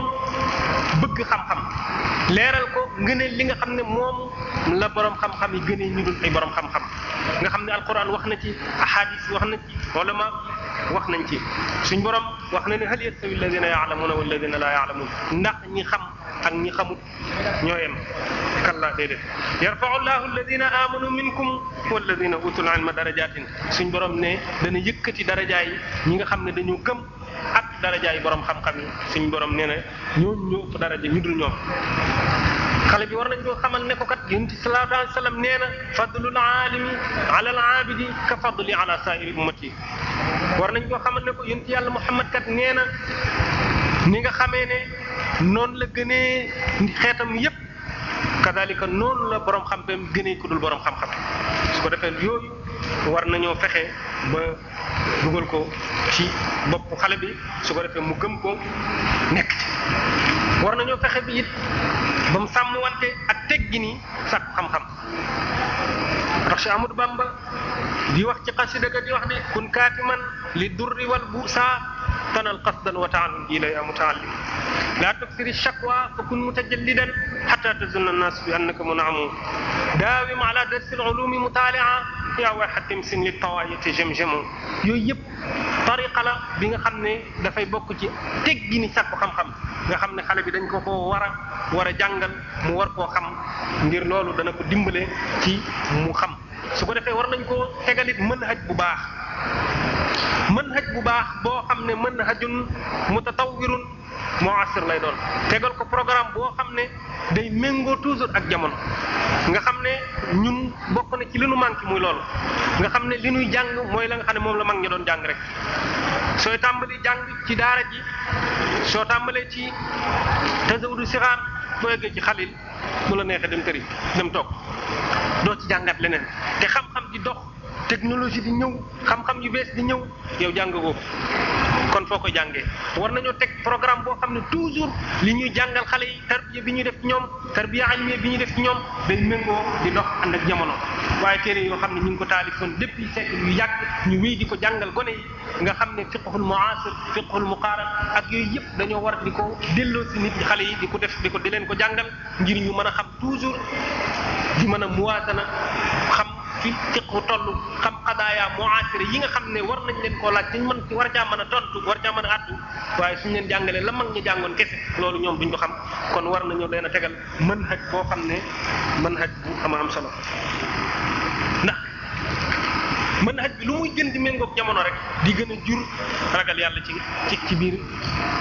bëgg xam-xam leeral ko ngëneel li nga xam ne moomu la borom xam-xam yi gënee ñu dul ay borom xam-xam nga xam ne alquran wax na ci ahadis wax na ci ma wax nañ ci suñ borom wax na ne hal yastawi alladina yaalamuuna wa alladina laa yaalamuun ndax ñi xam ak ñi xamut ñoo yem kalla déedéet yarfau llahu alladina amanu minkum walladina utul ilma darajatin suñ borom ne dana yëkkati darajaay ñi nga xam ne dañu gëm ak darajaay borom xam-xam yi suñ borom nee na ñooñu ñoo ëpp daraja ñu dul ñoom xale bi war nañ koo xamal ne ko kat yonent sallallahu alayhi wa sallam nee na fadlul aalimi ala al aabidi ka fadli ala saa'iri ummati war nañ koo xamal ne ko yonent yàlla Muhammad kat nee na ni nga xamee ne noonu la gënee xeetam yépp kadalika noonu la borom xam bam gënee ku dul borom xam-xam su ko defee yooyu war nañoo fexe ba dugal ko ci bopp xale bi su ko defee mu gëm ko nekk ci war nañoo fexe bi it ba mu sàmm wante ak teggini sàkk xam-xam tax Cheikh Ahmadou Bamba di wax ci xasida ga di wax ne kun kaatiman li durri wal bu saa tanal qasdan wa taallum ila ya mutaallim la tuksiri shakwa fa kun mutajallidan hatta tazunna an-nas bi annaka mun'amu daawim ala darsi al-ulumi mutaalia yaa way xatim sin li tawaayiti jëm-jëmu yooyu yëpp tariqa la bi nga xam ne dafay bokk ci teggini sàkku xam-xam nga xam ne xale bi dañ ko koo war a war a jàngal mu war koo xam ngir loolu dana ko dimbale ci mu xam su ko defee war nañ koo tegalit manhaj bu baax mën xaj bu baax boo xam ne mën na xajun moo muasir lay doon tegal ko programme boo xam ne day méngoo toujours ak jamono nga xam ne ñun bokk na ci li nu manqué muy loolu nga xam ne li nuy jàng mooy la nga xam ne moom la mag ñi doon jàng rek sooy tàmbali jàng ci daara ji soo tàmbalee ci tasawudu sixaar boo eggee ci xalil bu la neexee dem tëri dem toog doo ci jàngat leneen te xam-xam di dox technologie di ñëw xam-xam yu bees di ñëw yow jàng ko kon foo ko jàngee war nañoo teg programme boo xam ne toujours li ñuy jàngal xale yi tarbiya bi ñuy def ci ñoom tarbiya almiya bi ñu def ñoom day méngoo di dox ànd ak jamono waaye téere yoo xam ne ñu ngi ko taalifoon depuis siècle yu yàgg ñu wii di ko jàngal gone yi nga xam ne fiqhul muasir fiqhul muqaran ak yooyu yëpp dañoo war di ko delloo si nit xale yi di ko def di ko di leen ko jàngal ngir ñu mën a xam toujours di mën a muwaasana fi fiqhu toll xam xadaaya muasira yi nga xam ne war nañ leen koo laaj dañ mën ci war caa mën a tontu war caa mën a àddu waaye su leen jàngalee la mag ñu jàngoon kese loolu ñoom duñ ko xam kon war nañu leen a tegal manhaj boo xam ne mën manhaj bu ama am solo ndax manhaj bi lu muy gën di méngoog jamono rek di gën a jur ragal yàlla ci ci ci biir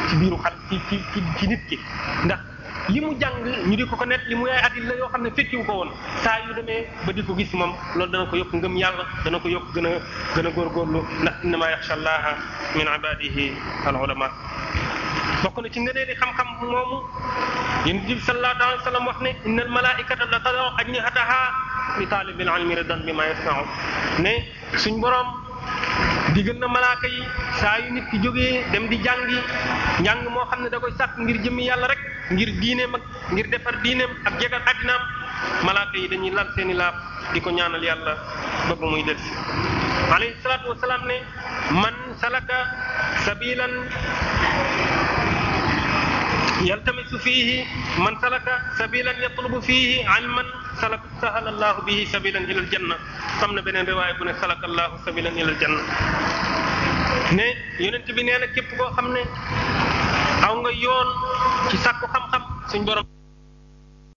ci biiru xal ci ci ci nit ki ndax li mu jàng ñu di ko ko net li muy ay adil la yoo xam ne fekkiwu ko woon saa yu demee ba di ko gis moom loolu dana ko yokk ngëm yàlla dana ko yokk gën a gën a góorgóorlu ndax innama yaxsha allaha min ibadihi al ulama bokk na ci ngëneeli xam-xam moomu yonent bi sallallahu alayhi wa sallam wax ne inna al malaikata la tadaw ajnihataha li taalibil ilmi ridan bi ma yasnau ne suñ di gën na malaaka yi saa yu nit ki jógee dem di jàngi njàng moo xam ne da koy sàkk ngir jëmmi yàlla rek ngir diineem ak ngir defar diineem ak jagal addinaam malaaka yi dañuy lal seeni laab di ko ñaanal yàlla ba ba muy delsi alayhi salaatu wasalaam ne man salaka sabilan yaltamisu fiihi man salaka sabilan yatlubu fiihi ilman salak sahala allahu bihi sabilan ilal janna am na beneen riwaaya bu ne salaka allahu sabilan ilal janna ne yonent bi nee na képp koo xam ne aw nga yoon ci sàkku xam-xam suñ borom